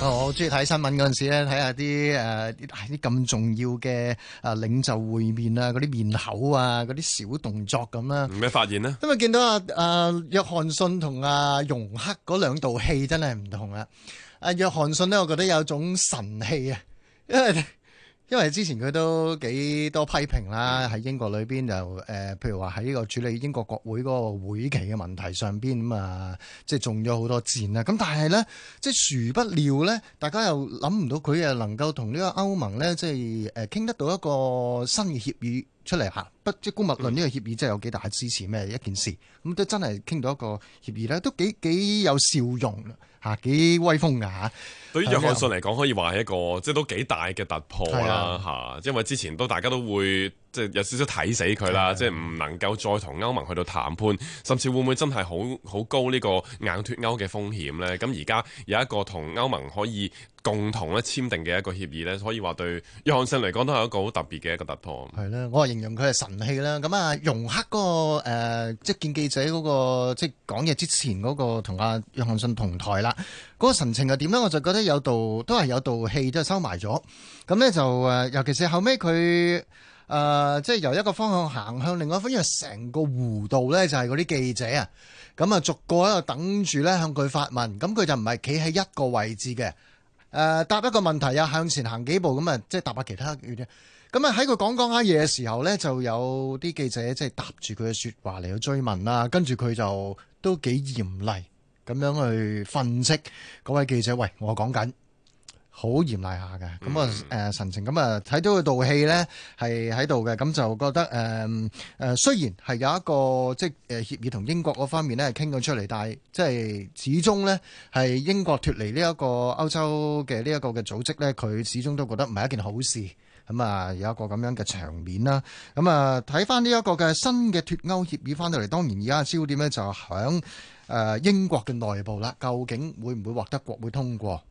哦、我好中意睇新聞嗰陣時咧，睇下啲誒啲咁重要嘅誒領袖會面啊，嗰啲面口啊，嗰啲小動作咁啦。咩發現呢？今日見到阿阿、呃、約翰遜同阿容克嗰兩道戲真係唔同啦。阿、啊、約翰遜咧，我覺得有種神氣啊。因為因為之前佢都幾多批評啦，喺英國裏邊就誒，譬如話喺呢個處理英國國會嗰個會期嘅問題上邊咁啊，即係仲有好多戰啦。咁但係咧，即係殊不料咧，大家又諗唔到佢啊能夠同呢個歐盟咧，即係誒傾得到一個新嘅協議出嚟吓。不即係姑勿論，呢個協議真係有幾大支持咩一件事？咁、嗯、都真係傾到一個協議咧，都幾幾有笑容。吓幾威風㗎吓！對於約翰遜嚟講，可以話係一個即係都幾大嘅突破啦吓，因為之前都大家都會。即係有少少睇死佢啦，即係唔能夠再同歐盟去到談判，甚至會唔會真係好好高呢個硬脫歐嘅風險呢？咁而家有一個同歐盟可以共同咧簽訂嘅一個協議呢，可以話對約翰遜嚟講都係一個好特別嘅一個突破。係啦，我形容佢係神器啦。咁啊，容克嗰、那個、呃、即係見記者嗰、那個，即係講嘢之前嗰、那個同阿約翰遜同台啦，嗰、那個神情係點呢？我就覺得有道都係有道戲都係收埋咗。咁呢就、呃、尤其是後尾佢。誒、呃，即係由一個方向行向另外一個方向，因為成個弧度咧，就係嗰啲記者啊，咁啊，逐個喺度等住咧向佢發問，咁佢就唔係企喺一個位置嘅，誒、呃，答一個問題啊，向前行幾步，咁啊，即係答下其他嘅。咁啊，喺佢講講下嘢嘅時候咧，就有啲記者即係答住佢嘅說話嚟去追問啦，跟住佢就都幾嚴厲咁樣去分析嗰位記者，喂，我講緊。好嚴厲下嘅，咁啊誒神情，咁啊睇到嗰道戲咧係喺度嘅，咁就覺得誒誒雖然係有一個即係誒協議同英國嗰方面咧係傾咗出嚟，但係即係始終咧係英國脫離呢一個歐洲嘅呢一個嘅組織咧，佢始終都覺得唔係一件好事。咁啊有一個咁樣嘅場面啦，咁啊睇翻呢一個嘅新嘅脫歐協議翻到嚟，當然而家焦點咧就係響誒英國嘅內部啦，究竟會唔會獲得國會通過？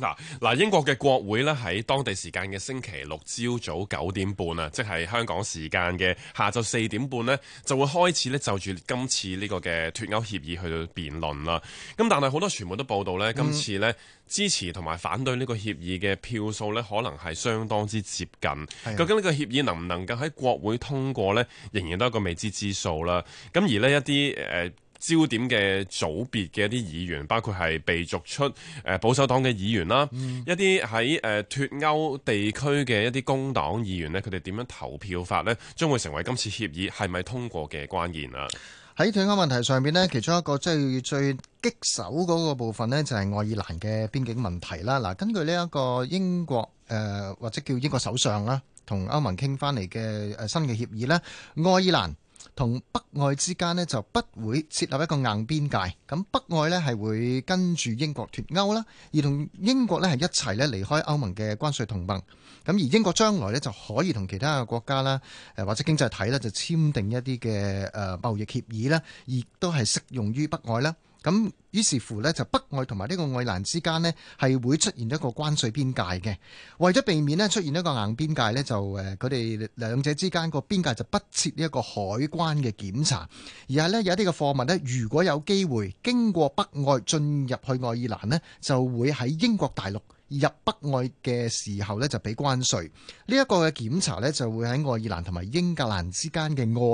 嗱嗱，英國嘅國會呢，喺當地時間嘅星期六朝早九點半啊，即係香港時間嘅下晝四點半呢，就會開始呢就住今次呢個嘅脱歐協議去到辯論啦。咁但係好多傳媒都報道呢，今次呢支持同埋反對呢個協議嘅票數呢可能係相當之接近。究竟呢個協議能唔能夠喺國會通過呢，仍然都係一個未知之數啦。咁而呢一啲誒。呃焦點嘅組別嘅一啲議員，包括係被逐出誒保守黨嘅議員啦、嗯，一啲喺誒脱歐地區嘅一啲工黨議員呢，佢哋點樣投票法呢？將會成為今次協議係咪通過嘅關鍵啦、啊。喺脱歐問題上邊呢，其中一個即最棘手嗰個部分呢，就係愛爾蘭嘅邊境問題啦。嗱，根據呢一個英國誒、呃、或者叫英國首相啦，同歐盟傾翻嚟嘅誒新嘅協議呢，愛爾蘭。同北愛之間呢，就不會設立一個硬邊界，咁北愛呢，係會跟住英國脱歐啦，而同英國呢，係一齊呢離開歐盟嘅關稅同盟，咁而英國將來呢，就可以同其他嘅國家啦，誒或者經濟體呢，就簽訂一啲嘅誒貿易協議啦，亦都係適用於北愛啦。咁於是乎呢，就北愛同埋呢個愛爾蘭之間呢，係會出現一個關稅邊界嘅。為咗避免呢出現一個硬邊界呢，就誒佢哋兩者之間個邊界就不設一個海關嘅檢查，而係呢，有啲嘅貨物呢，如果有機會經過北愛進入去愛爾蘭呢，就會喺英國大陸入北愛嘅時候呢，就俾關稅。呢一個嘅檢查呢，就會喺愛爾蘭同埋英格蘭之間嘅愛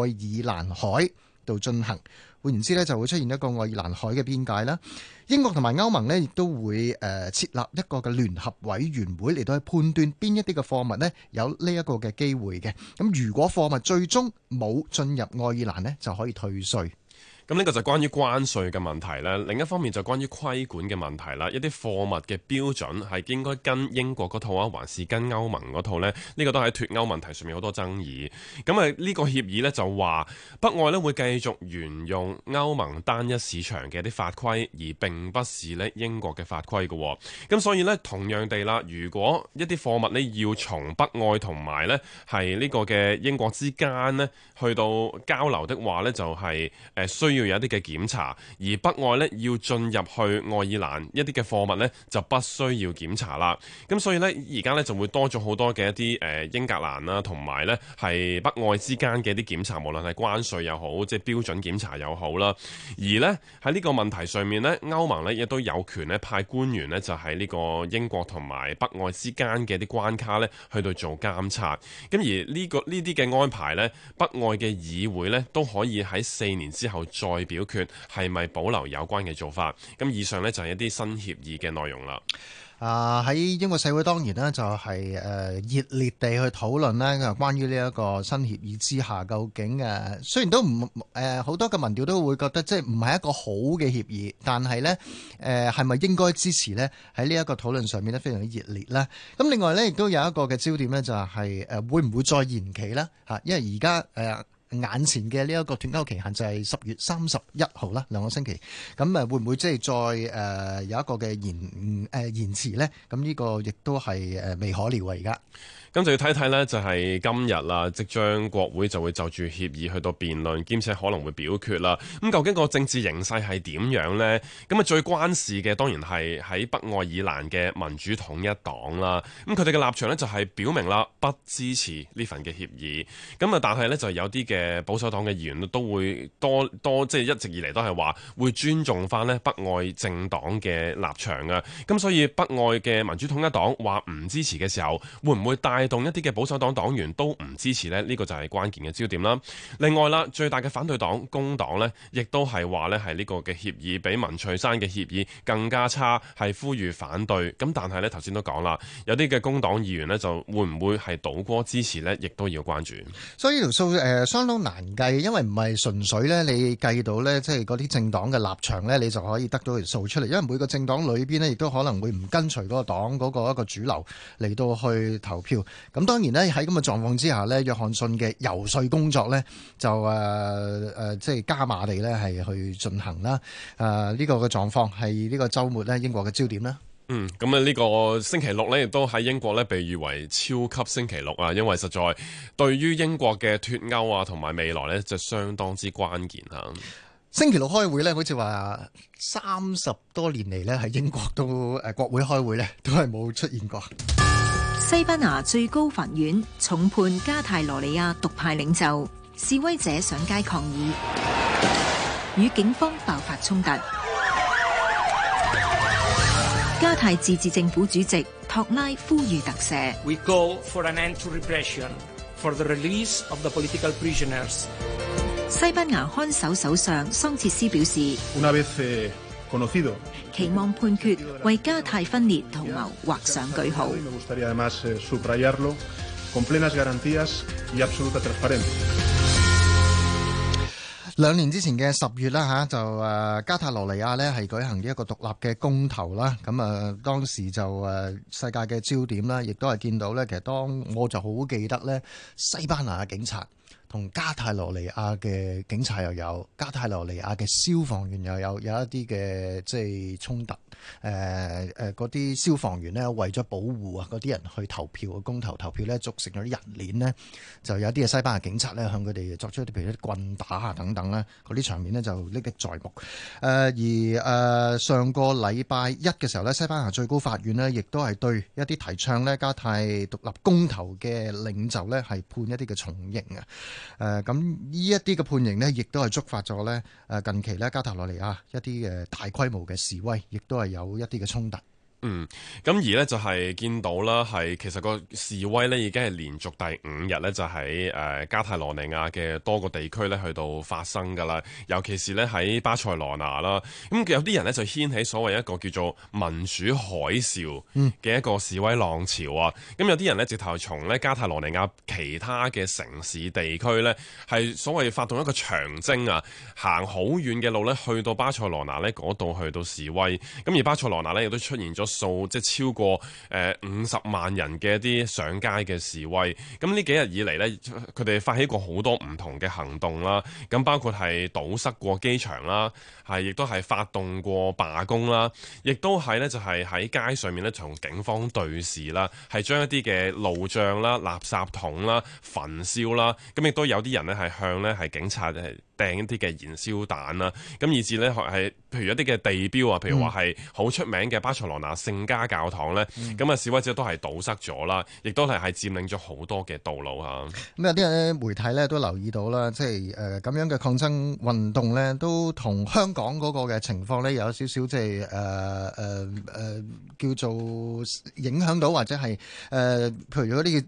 爾蘭海度進行。換言之咧，就會出現一個愛爾蘭海嘅邊界啦。英國同埋歐盟咧，亦都會誒設立一個嘅聯合委員會嚟到去判斷邊一啲嘅貨物咧，有呢一個嘅機會嘅。咁如果貨物最終冇進入愛爾蘭咧，就可以退稅。咁、這、呢個就關於關稅嘅問題啦。另一方面就關於規管嘅問題啦，一啲貨物嘅標準係應該跟英國嗰套啊，還是跟歐盟嗰套呢？呢、這個都喺脱歐問題上面好多爭議。咁啊，呢個協議呢，就話北愛呢會繼續沿用歐盟單一市場嘅啲法規，而並不是呢英國嘅法規嘅。咁所以呢，同樣地啦，如果一啲貨物呢要從北愛同埋呢係呢個嘅英國之間呢去到交流的話呢就係、是、需要。要有一啲嘅檢查，而北愛咧要進入去愛爾蘭一啲嘅貨物咧就不需要檢查啦。咁所以咧而家咧就會多咗好多嘅一啲誒、呃、英格蘭啦、啊，同埋咧係北愛之間嘅一啲檢查，無論係關稅又好，即、就、係、是、標準檢查又好啦。而咧喺呢在這個問題上面咧，歐盟咧亦都有權咧派官員咧就喺呢個英國同埋北愛之間嘅啲關卡咧去到做監察。咁而呢、這個呢啲嘅安排咧，北愛嘅議會咧都可以喺四年之後再。代表權係咪保留有關嘅做法？咁以上呢，就係一啲新協議嘅內容啦。啊，喺英國社會當然呢，就係誒熱烈地去討論呢關於呢一個新協議之下究竟誒，雖然都唔誒好多嘅民調都會覺得即係唔係一個好嘅協議，但係呢誒係咪應該支持呢，喺呢一個討論上面呢，非常之熱烈呢？咁另外呢，亦都有一個嘅焦點呢，就係誒會唔會再延期呢？吓？因為而家誒。呃眼前嘅呢一個斷交期限就係十月三十一號啦，兩個星期，咁啊會唔會即係再誒有一個嘅延誒、呃、延遲咧？咁、這、呢個亦都係誒未可料啊！而家。咁就要睇睇咧，就係今日啦，即將國會就會就住協議去到辯論兼且可能會表決啦。咁究竟個政治形勢係點樣咧？咁啊，最關事嘅當然係喺北愛爾蘭嘅民主統一黨啦。咁佢哋嘅立場咧就係表明啦，不支持呢份嘅協議，咁啊，但係咧就有啲嘅保守黨嘅議員都會多多即係、就是、一直而嚟一直以嚟都係話會尊重翻咧北愛政黨嘅立場啊。咁所以北愛嘅民主統一黨話唔支持嘅時候，會唔會帶。同動一啲嘅保守黨黨員都唔支持呢呢、呢個就係關鍵嘅焦點啦。另外啦，最大嘅反對黨工黨呢，亦都係話呢，係呢個嘅協議比文翠珊嘅協議更加差，係呼籲反對。咁但係呢，頭先都講啦，有啲嘅工黨議員呢，就會唔會係倒戈支持呢？亦都要關注。所以呢條數誒相當難計，因為唔係純粹呢，你計到呢，即係嗰啲政黨嘅立場呢，你就可以得到條數出嚟。因為每個政黨裏邊呢，亦都可能會唔跟隨嗰個黨嗰個一個主流嚟到去投票。咁當然咧，喺咁嘅狀況之下呢，約翰遜嘅遊說工作呢，就誒誒，即係加碼地呢，係去進行啦。誒，呢個嘅狀況係呢個周末呢，英國嘅焦點啦。嗯，咁啊，呢個星期六呢，亦都喺英國呢，被譽為超級星期六啊。因為實在對於英國嘅脫歐啊，同埋未來呢，就相當之關鍵啊。星期六開會呢，好似話三十多年嚟，呢，喺英國都誒、呃、國會開會咧，都係冇出現過。西班牙最高法院重判加泰羅尼亞獨派領袖，示威者上街抗議，與警方爆發衝突。加泰自治政府主席托拉呼籲特赦。西班牙看守首相桑切斯表示。期望判決為加泰分裂同謀畫上句號。兩年之前嘅十月啦，嚇就誒加泰羅尼亞咧係舉行一個獨立嘅公投啦，咁啊當時就誒世界嘅焦點啦，亦都係見到咧，其實當我就好記得咧西班牙嘅警察。同加泰羅尼亞嘅警察，又有加泰羅尼亞嘅消防員，又有有一啲嘅即係衝突，誒嗰啲消防員呢，為咗保護啊嗰啲人去投票嘅公投投票咧，組成咗啲人鏈呢，就有啲嘅西班牙警察咧，向佢哋作出一啲譬如啲棍打啊等等啦。嗰啲場面呢，就歷歷在目。誒、呃、而誒、呃、上個禮拜一嘅時候咧，西班牙最高法院呢，亦都係對一啲提倡呢，加泰獨立公投嘅領袖呢，係判一啲嘅重刑啊！誒，咁呢一啲嘅判刑呢，亦都係觸發咗咧，誒近期咧加塔落嚟啊，一啲誒大規模嘅示威，亦都係有一啲嘅衝突。嗯，咁而呢就係見到啦，係其實個示威咧已經係連續第五日咧，就喺誒加泰羅尼亞嘅多個地區咧去到發生噶啦。尤其是咧喺巴塞羅那啦，咁有啲人咧就掀起所謂一個叫做民主海嘯嘅一個示威浪潮啊。咁、嗯、有啲人咧直頭從咧加泰羅尼亞其他嘅城市地區咧，係所謂發動一個長征啊，行好遠嘅路咧去到巴塞羅那咧嗰度去到示威。咁而巴塞羅那咧亦都出現咗。數即係超過誒五十萬人嘅一啲上街嘅示威，咁呢幾日以嚟呢佢哋發起過好多唔同嘅行動啦，咁包括係堵塞過機場啦，係亦都係發動過罷工啦，亦都係呢就係喺街上面呢同警方對峙啦，係將一啲嘅路障啦、垃圾桶啦焚燒啦，咁亦都有啲人呢係向呢係警察係。掟一啲嘅燃燒彈啦，咁以至咧係譬如一啲嘅地標啊，譬如話係好出名嘅巴塞羅那聖家教堂咧，咁啊示威者都係堵塞咗啦，亦都係係佔領咗好多嘅道路嚇。咁有啲人咧媒體咧都留意到啦，即係誒咁樣嘅抗爭運動咧，都同香港嗰個嘅情況咧有少少即係誒誒誒叫做影響到或者係誒、呃、譬如嗰啲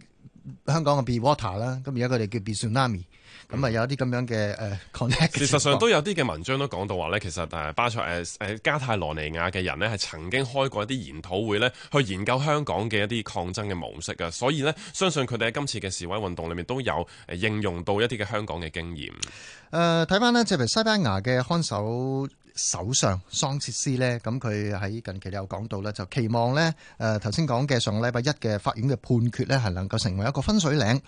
香港嘅 be water 啦，咁而家佢哋叫 be tsunami。咁啊，有一啲咁樣嘅誒、uh, connect。事實上都有啲嘅文章都講到話咧，其實誒巴塞誒誒加泰羅尼亞嘅人呢，係曾經開過一啲研討會咧，去研究香港嘅一啲抗爭嘅模式㗎，所以呢，相信佢哋喺今次嘅示威運動裡面都有誒應用到一啲嘅香港嘅經驗。誒睇返呢，即係譬如西班牙嘅看守。首相桑切斯呢，咁佢喺近期咧有講到咧，就期望呢誒頭先講嘅上個禮拜一嘅法院嘅判決呢，係能夠成為一個分水嶺，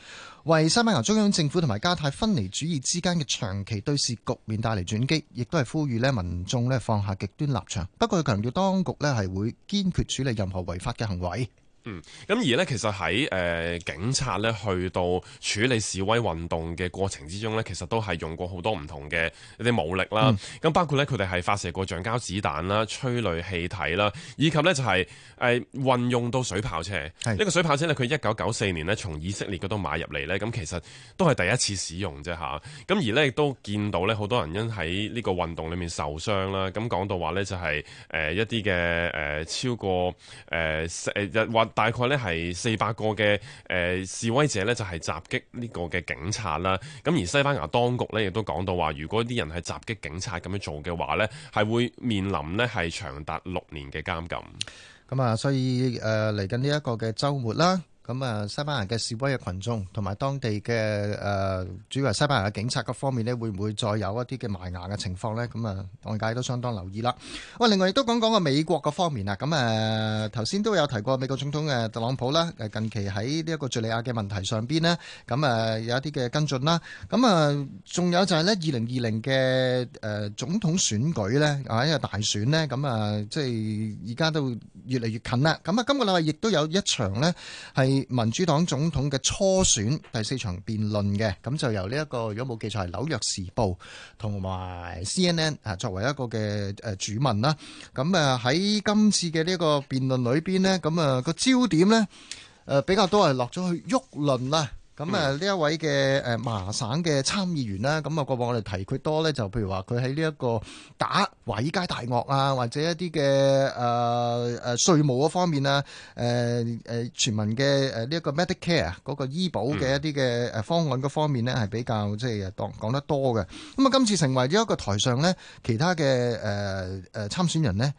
為西班牙中央政府同埋加泰分離主義之間嘅長期對峙局面帶嚟轉機，亦都係呼籲呢民眾呢放下極端立場。不過佢強調當局呢，係會堅決處理任何違法嘅行為。嗯，咁而呢，其實喺誒、呃、警察呢去到處理示威運動嘅過程之中呢，其實都係用過好多唔同嘅一啲武力啦。咁、嗯、包括呢，佢哋係發射過橡膠子彈啦、催淚氣體啦，以及呢就係、是、誒、呃、運用到水炮車。呢、這個水炮車呢，佢一九九四年呢，從以色列嗰度買入嚟呢，咁其實都係第一次使用啫下，咁而呢，亦都見到呢，好多人因喺呢個運動裏面受傷啦。咁、啊、講到話呢，就係、是、誒、呃、一啲嘅誒超過誒、呃大概咧係四百個嘅誒示威者咧就係襲擊呢個嘅警察啦，咁而西班牙當局呢，亦都講到話，如果啲人係襲擊警察咁樣做嘅話呢係會面臨咧係長達六年嘅監禁。咁、嗯、啊，所以誒嚟緊呢一個嘅周末啦。咁啊，西班牙嘅示威嘅群眾同埋當地嘅誒、呃，主要係西班牙嘅警察嘅方面咧，會唔會再有一啲嘅埋牙嘅情況咧？咁啊，外界都相當留意啦。喂，另外亦都講講個美國嘅方面啊。咁啊，頭先都有提過美國總統嘅特朗普啦，誒近期喺呢一個敘利亞嘅問題上邊咧，咁啊，有一啲嘅跟進啦。咁啊，仲有就係咧二零二零嘅誒總統選舉咧啊，一日大選咧，咁啊，即係而家都越嚟越近啦。咁啊，今個禮拜亦都有一場咧係是民主黨總統嘅初選第四場辯論嘅，咁就由呢、這、一個如果冇記錯係紐約時報同埋 CNN 啊，作為一個嘅誒主文啦。咁啊喺今次嘅呢個辯論裏邊咧，咁、那、啊個焦點咧誒比較多係落咗去沃倫啦。咁、嗯、啊，呢一位嘅誒麻省嘅參議員啦，咁啊過往我哋提佢多咧，就譬如話佢喺呢一個打華爾街大鱷啊，或者一啲嘅誒誒稅務方面啊，誒誒全民嘅呢一個 Medicare 嗰個醫保嘅一啲嘅方案嗰方面咧，係比較即係當講得多嘅。咁啊，今次成為咗一個台上咧其他嘅誒誒參選人咧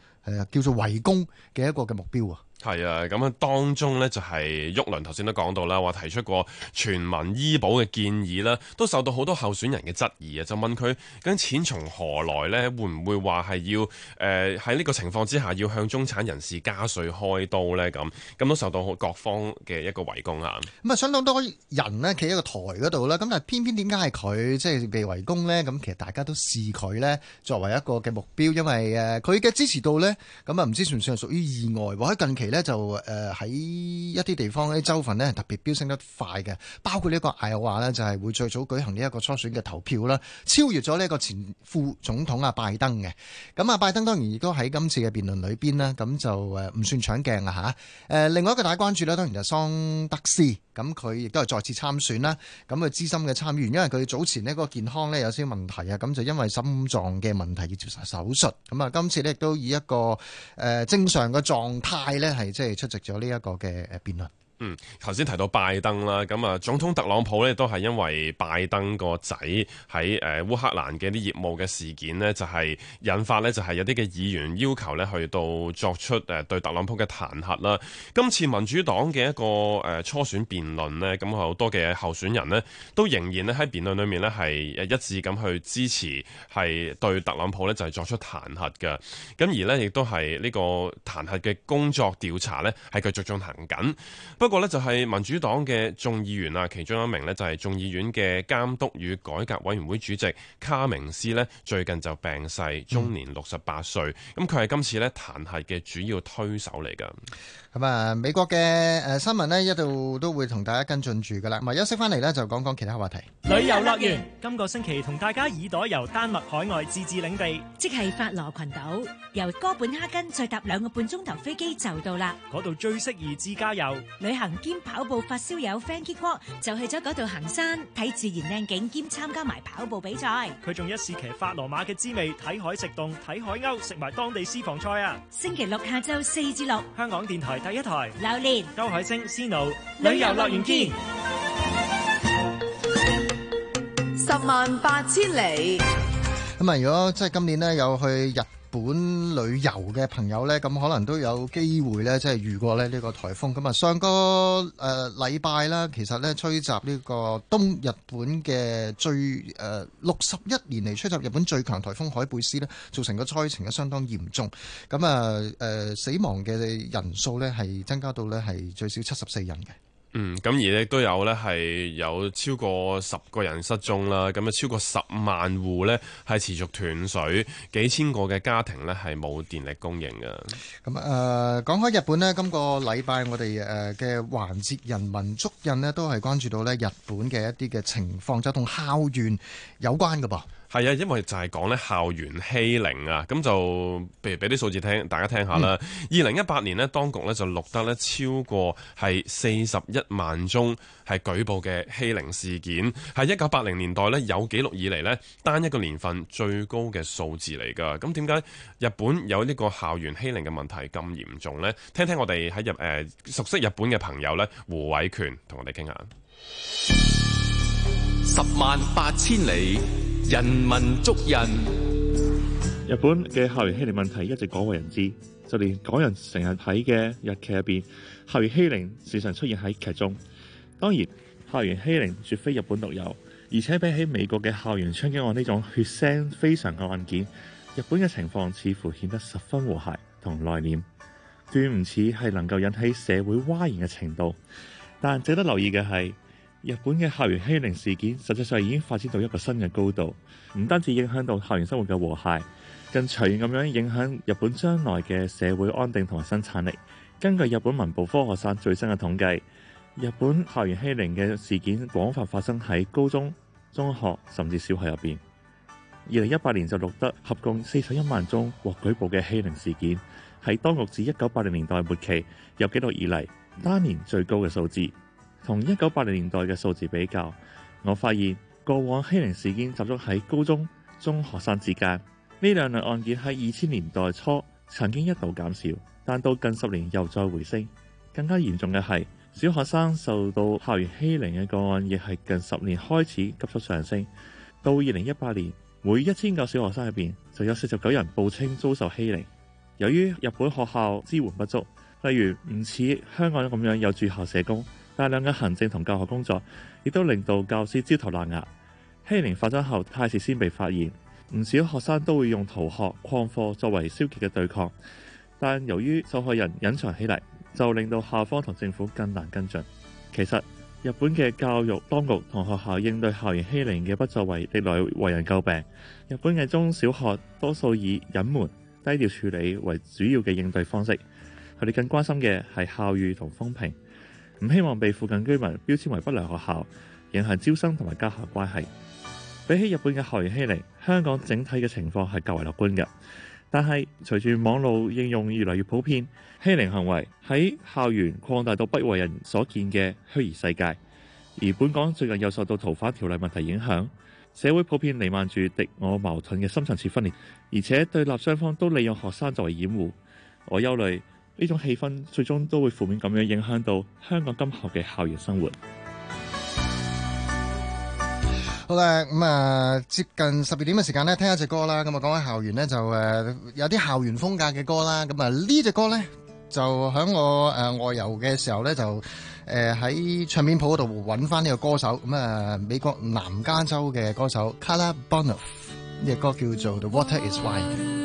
叫做圍攻嘅一個嘅目標啊！係啊，咁啊當中咧就係郁倫頭先都講到啦，話提出過全民醫保嘅建議啦，都受到好多候選人嘅質疑啊。就問佢，究竟錢從何來咧？會唔會話係要誒喺呢個情況之下要向中產人士加稅開刀咧？咁咁都受到各方嘅一個圍攻啊。咁啊相當多人咧企喺個台嗰度啦，咁但係偏偏點解係佢即係被圍攻咧？咁其實大家都視佢咧作為一個嘅目標，因為誒佢嘅支持度咧咁啊唔知算唔算係屬於意外？或者近期。咧就誒喺一啲地方啲州份呢，特別飆升得快嘅，包括呢一個愛荷華呢，就係會最早舉行呢一個初選嘅投票啦，超越咗呢一個前副總統阿拜登嘅。咁阿拜登當然亦都喺今次嘅辯論裏邊啦，咁就誒唔算搶鏡啦吓。誒，另外一個大關注呢，當然就桑德斯，咁佢亦都係再次參選啦。咁佢資深嘅參議員因為佢早前呢嗰個健康呢有啲問題啊，咁就因為心臟嘅問題要接受手術，咁啊，今次呢亦都以一個誒、呃、正常嘅狀態呢。係即係出席咗呢一個嘅誒辯論。嗯，頭先提到拜登啦，咁啊，總統特朗普呢都係因為拜登個仔喺誒烏克蘭嘅一啲業務嘅事件呢，就係引發呢就係有啲嘅議員要求呢去到作出誒對特朗普嘅彈劾啦。今次民主黨嘅一個誒初選辯論呢，咁好多嘅候選人呢都仍然呢喺辯論裏面呢係一致咁去支持係對特朗普呢就係作出彈劾㗎。咁而呢，亦都係呢個彈劾嘅工作調查呢，係繼續進行緊。不過咧，就係民主黨嘅眾議員啊，其中一名呢就係眾議院嘅監督與改革委員會主席卡明斯呢，最近就病逝，終年六十八歲。咁佢係今次咧彈劾嘅主要推手嚟噶。咁啊，美國嘅誒新聞咧，一度都會同大家跟進住噶啦，咁啊休息翻嚟咧就講講其他話題。旅遊樂園今個星期同大家耳朵遊丹麥海外自治領地，即係法羅群島，由哥本哈根再搭兩個半鐘頭飛機就到啦。嗰度最適宜自駕遊，旅行兼跑步發燒友 Fan Kiko 就去咗嗰度行山睇自然靚景兼參加埋跑步比賽。佢仲一試騎法羅馬嘅滋味，睇海食棟睇海鷗，食埋當地私房菜啊！星期六下晝四至六，香港電台。第一台，榴蓮，高海星，s n o 旅遊樂園見，十萬八千里。咁啊，如果即係今年咧，有去日。日本旅遊嘅朋友呢，咁可能都有機會呢，即係遇過呢呢個台風。咁啊！上個誒禮拜啦，其實呢，吹襲呢個東日本嘅最誒六十一年嚟吹襲日本最強台風海貝斯呢，造成個災情嘅相當嚴重，咁啊誒死亡嘅人數呢，係增加到呢，係最少七十四人嘅。嗯，咁而咧都有咧係有超過十個人失蹤啦，咁啊超過十萬戶咧係持續斷水，幾千個嘅家庭咧係冇電力供應嘅。咁、嗯、誒、呃、講開日本呢，今個禮拜我哋誒嘅環節人民足印呢，都係關注到咧日本嘅一啲嘅情況，就同校園有關㗎噃。係啊，因為就係講咧校園欺凌啊，咁就譬如俾啲數字聽，大家聽下啦。二零一八年呢，當局咧就錄得咧超過係四十一萬宗係舉報嘅欺凌事件，係一九八零年代咧有記錄以嚟咧單一個年份最高嘅數字嚟㗎。咁點解日本有呢個校園欺凌嘅問題咁嚴重呢？聽聽我哋喺日誒熟悉日本嘅朋友咧胡偉權同我哋傾下。十萬八千里，人民足人。日本嘅校園欺凌問題一直廣為人知，就連港人成日睇嘅日劇入邊，校園欺凌時常出現喺劇中。當然，校園欺凌絕非日本獨有，而且比起美國嘅校園槍擊案呢種血腥非常嘅案件，日本嘅情況似乎顯得十分和諧同內斂，斷唔似係能夠引起社會嘩然嘅程度。但值得留意嘅係。日本嘅校園欺凌事件，實際上已經發展到一個新嘅高度，唔單止影響到校園生活嘅和諧，更長遠咁樣影響日本將來嘅社會安定同埋生產力。根據日本文部科學省最新嘅統計，日本校園欺凌嘅事件廣泛發生喺高中、中學甚至小學入邊。二零一八年就錄得合共四十一萬宗獲舉報嘅欺凌事件，喺當局自一九八零年代末期有記錄以嚟，單年最高嘅數字。同一九八零年代嘅數字比較，我發現過往欺凌事件集中喺高中中學生之間，呢兩類案件喺二千年代初曾經一度減少，但到近十年又再回升。更加嚴重嘅係小學生受到校園欺凌嘅個案，亦係近十年開始急速上升。到二零一八年，每一千個小學生入邊就有四十九人報稱遭受欺凌。由於日本學校支援不足，例如唔似香港咁樣有住校社工。大量嘅行政同教學工作，亦都令到教師焦頭爛額。欺凌發生後太遲先被發現，唔少學生都會用逃學、曠課作為消極嘅對抗。但由於受害人隱藏起嚟，就令到校方同政府更難跟進。其實日本嘅教育當局同學校應對校園欺凌嘅不作為，歷來為人詬病。日本嘅中小學多數以隱瞞、低調處理為主要嘅應對方式，佢哋更關心嘅係校譽同風評。唔希望被附近居民標籤為不良學校，影響招生同埋家校關係。比起日本嘅校園欺凌，香港整體嘅情況係較為樂觀嘅。但係隨住網路應用越嚟越普遍，欺凌行為喺校園擴大到不為人所見嘅虛擬世界。而本港最近又受到逃犯條例問題影響，社會普遍彌漫住敵我矛盾嘅深層次分裂，而且對立雙方都利用學生作為掩護。我憂慮。呢種氣氛最終都會負面咁樣影響到香港今後嘅校園生活。好啦，咁、嗯、啊接近十二點嘅時間咧，聽一隻歌啦。咁啊講緊校園咧，就誒、呃、有啲校園風格嘅歌啦。咁、嗯、啊呢隻歌咧就喺我誒、呃、外遊嘅時候咧，就誒喺、呃、唱片鋪嗰度揾翻呢個歌手。咁、嗯、啊、呃、美國南加州嘅歌手 Karla Bonoff 呢隻歌叫做 The Water Is Wide。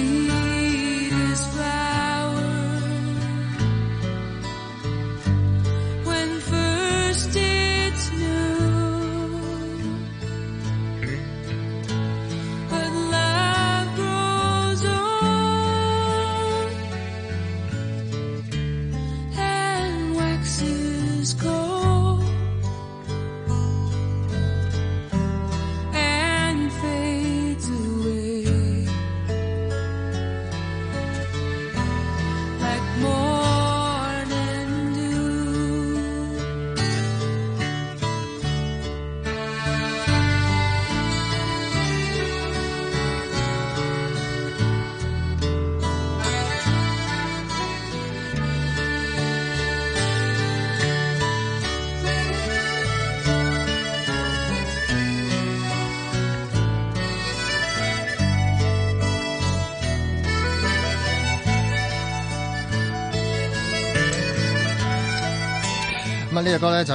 呢隻歌咧就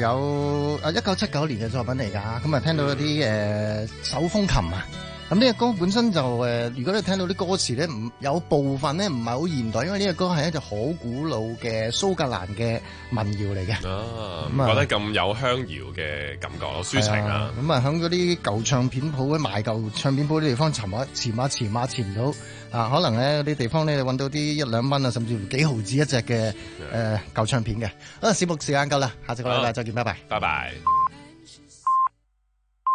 有誒一九七九年嘅作品嚟㗎，啊聽到啲誒手風琴啊～咁、嗯、呢、呢個歌本身就如果你聽到啲歌詞咧，唔有部分咧唔係好現代，因為呢個歌係一隻好古老嘅蘇格蘭嘅民謠嚟嘅。咁、啊嗯、覺得咁有鄉謠嘅感覺咯，抒情啊。咁、嗯、啊，喺嗰啲舊唱片鋪買賣舊唱片鋪啲地方尋下，尋下尋下尋到啊！可能咧啲地方咧揾到啲一兩蚊啊，甚至乎幾毫子一隻嘅誒舊唱片嘅。好啦，節、啊、目時間夠啦，下次再見、啊，拜拜。拜拜。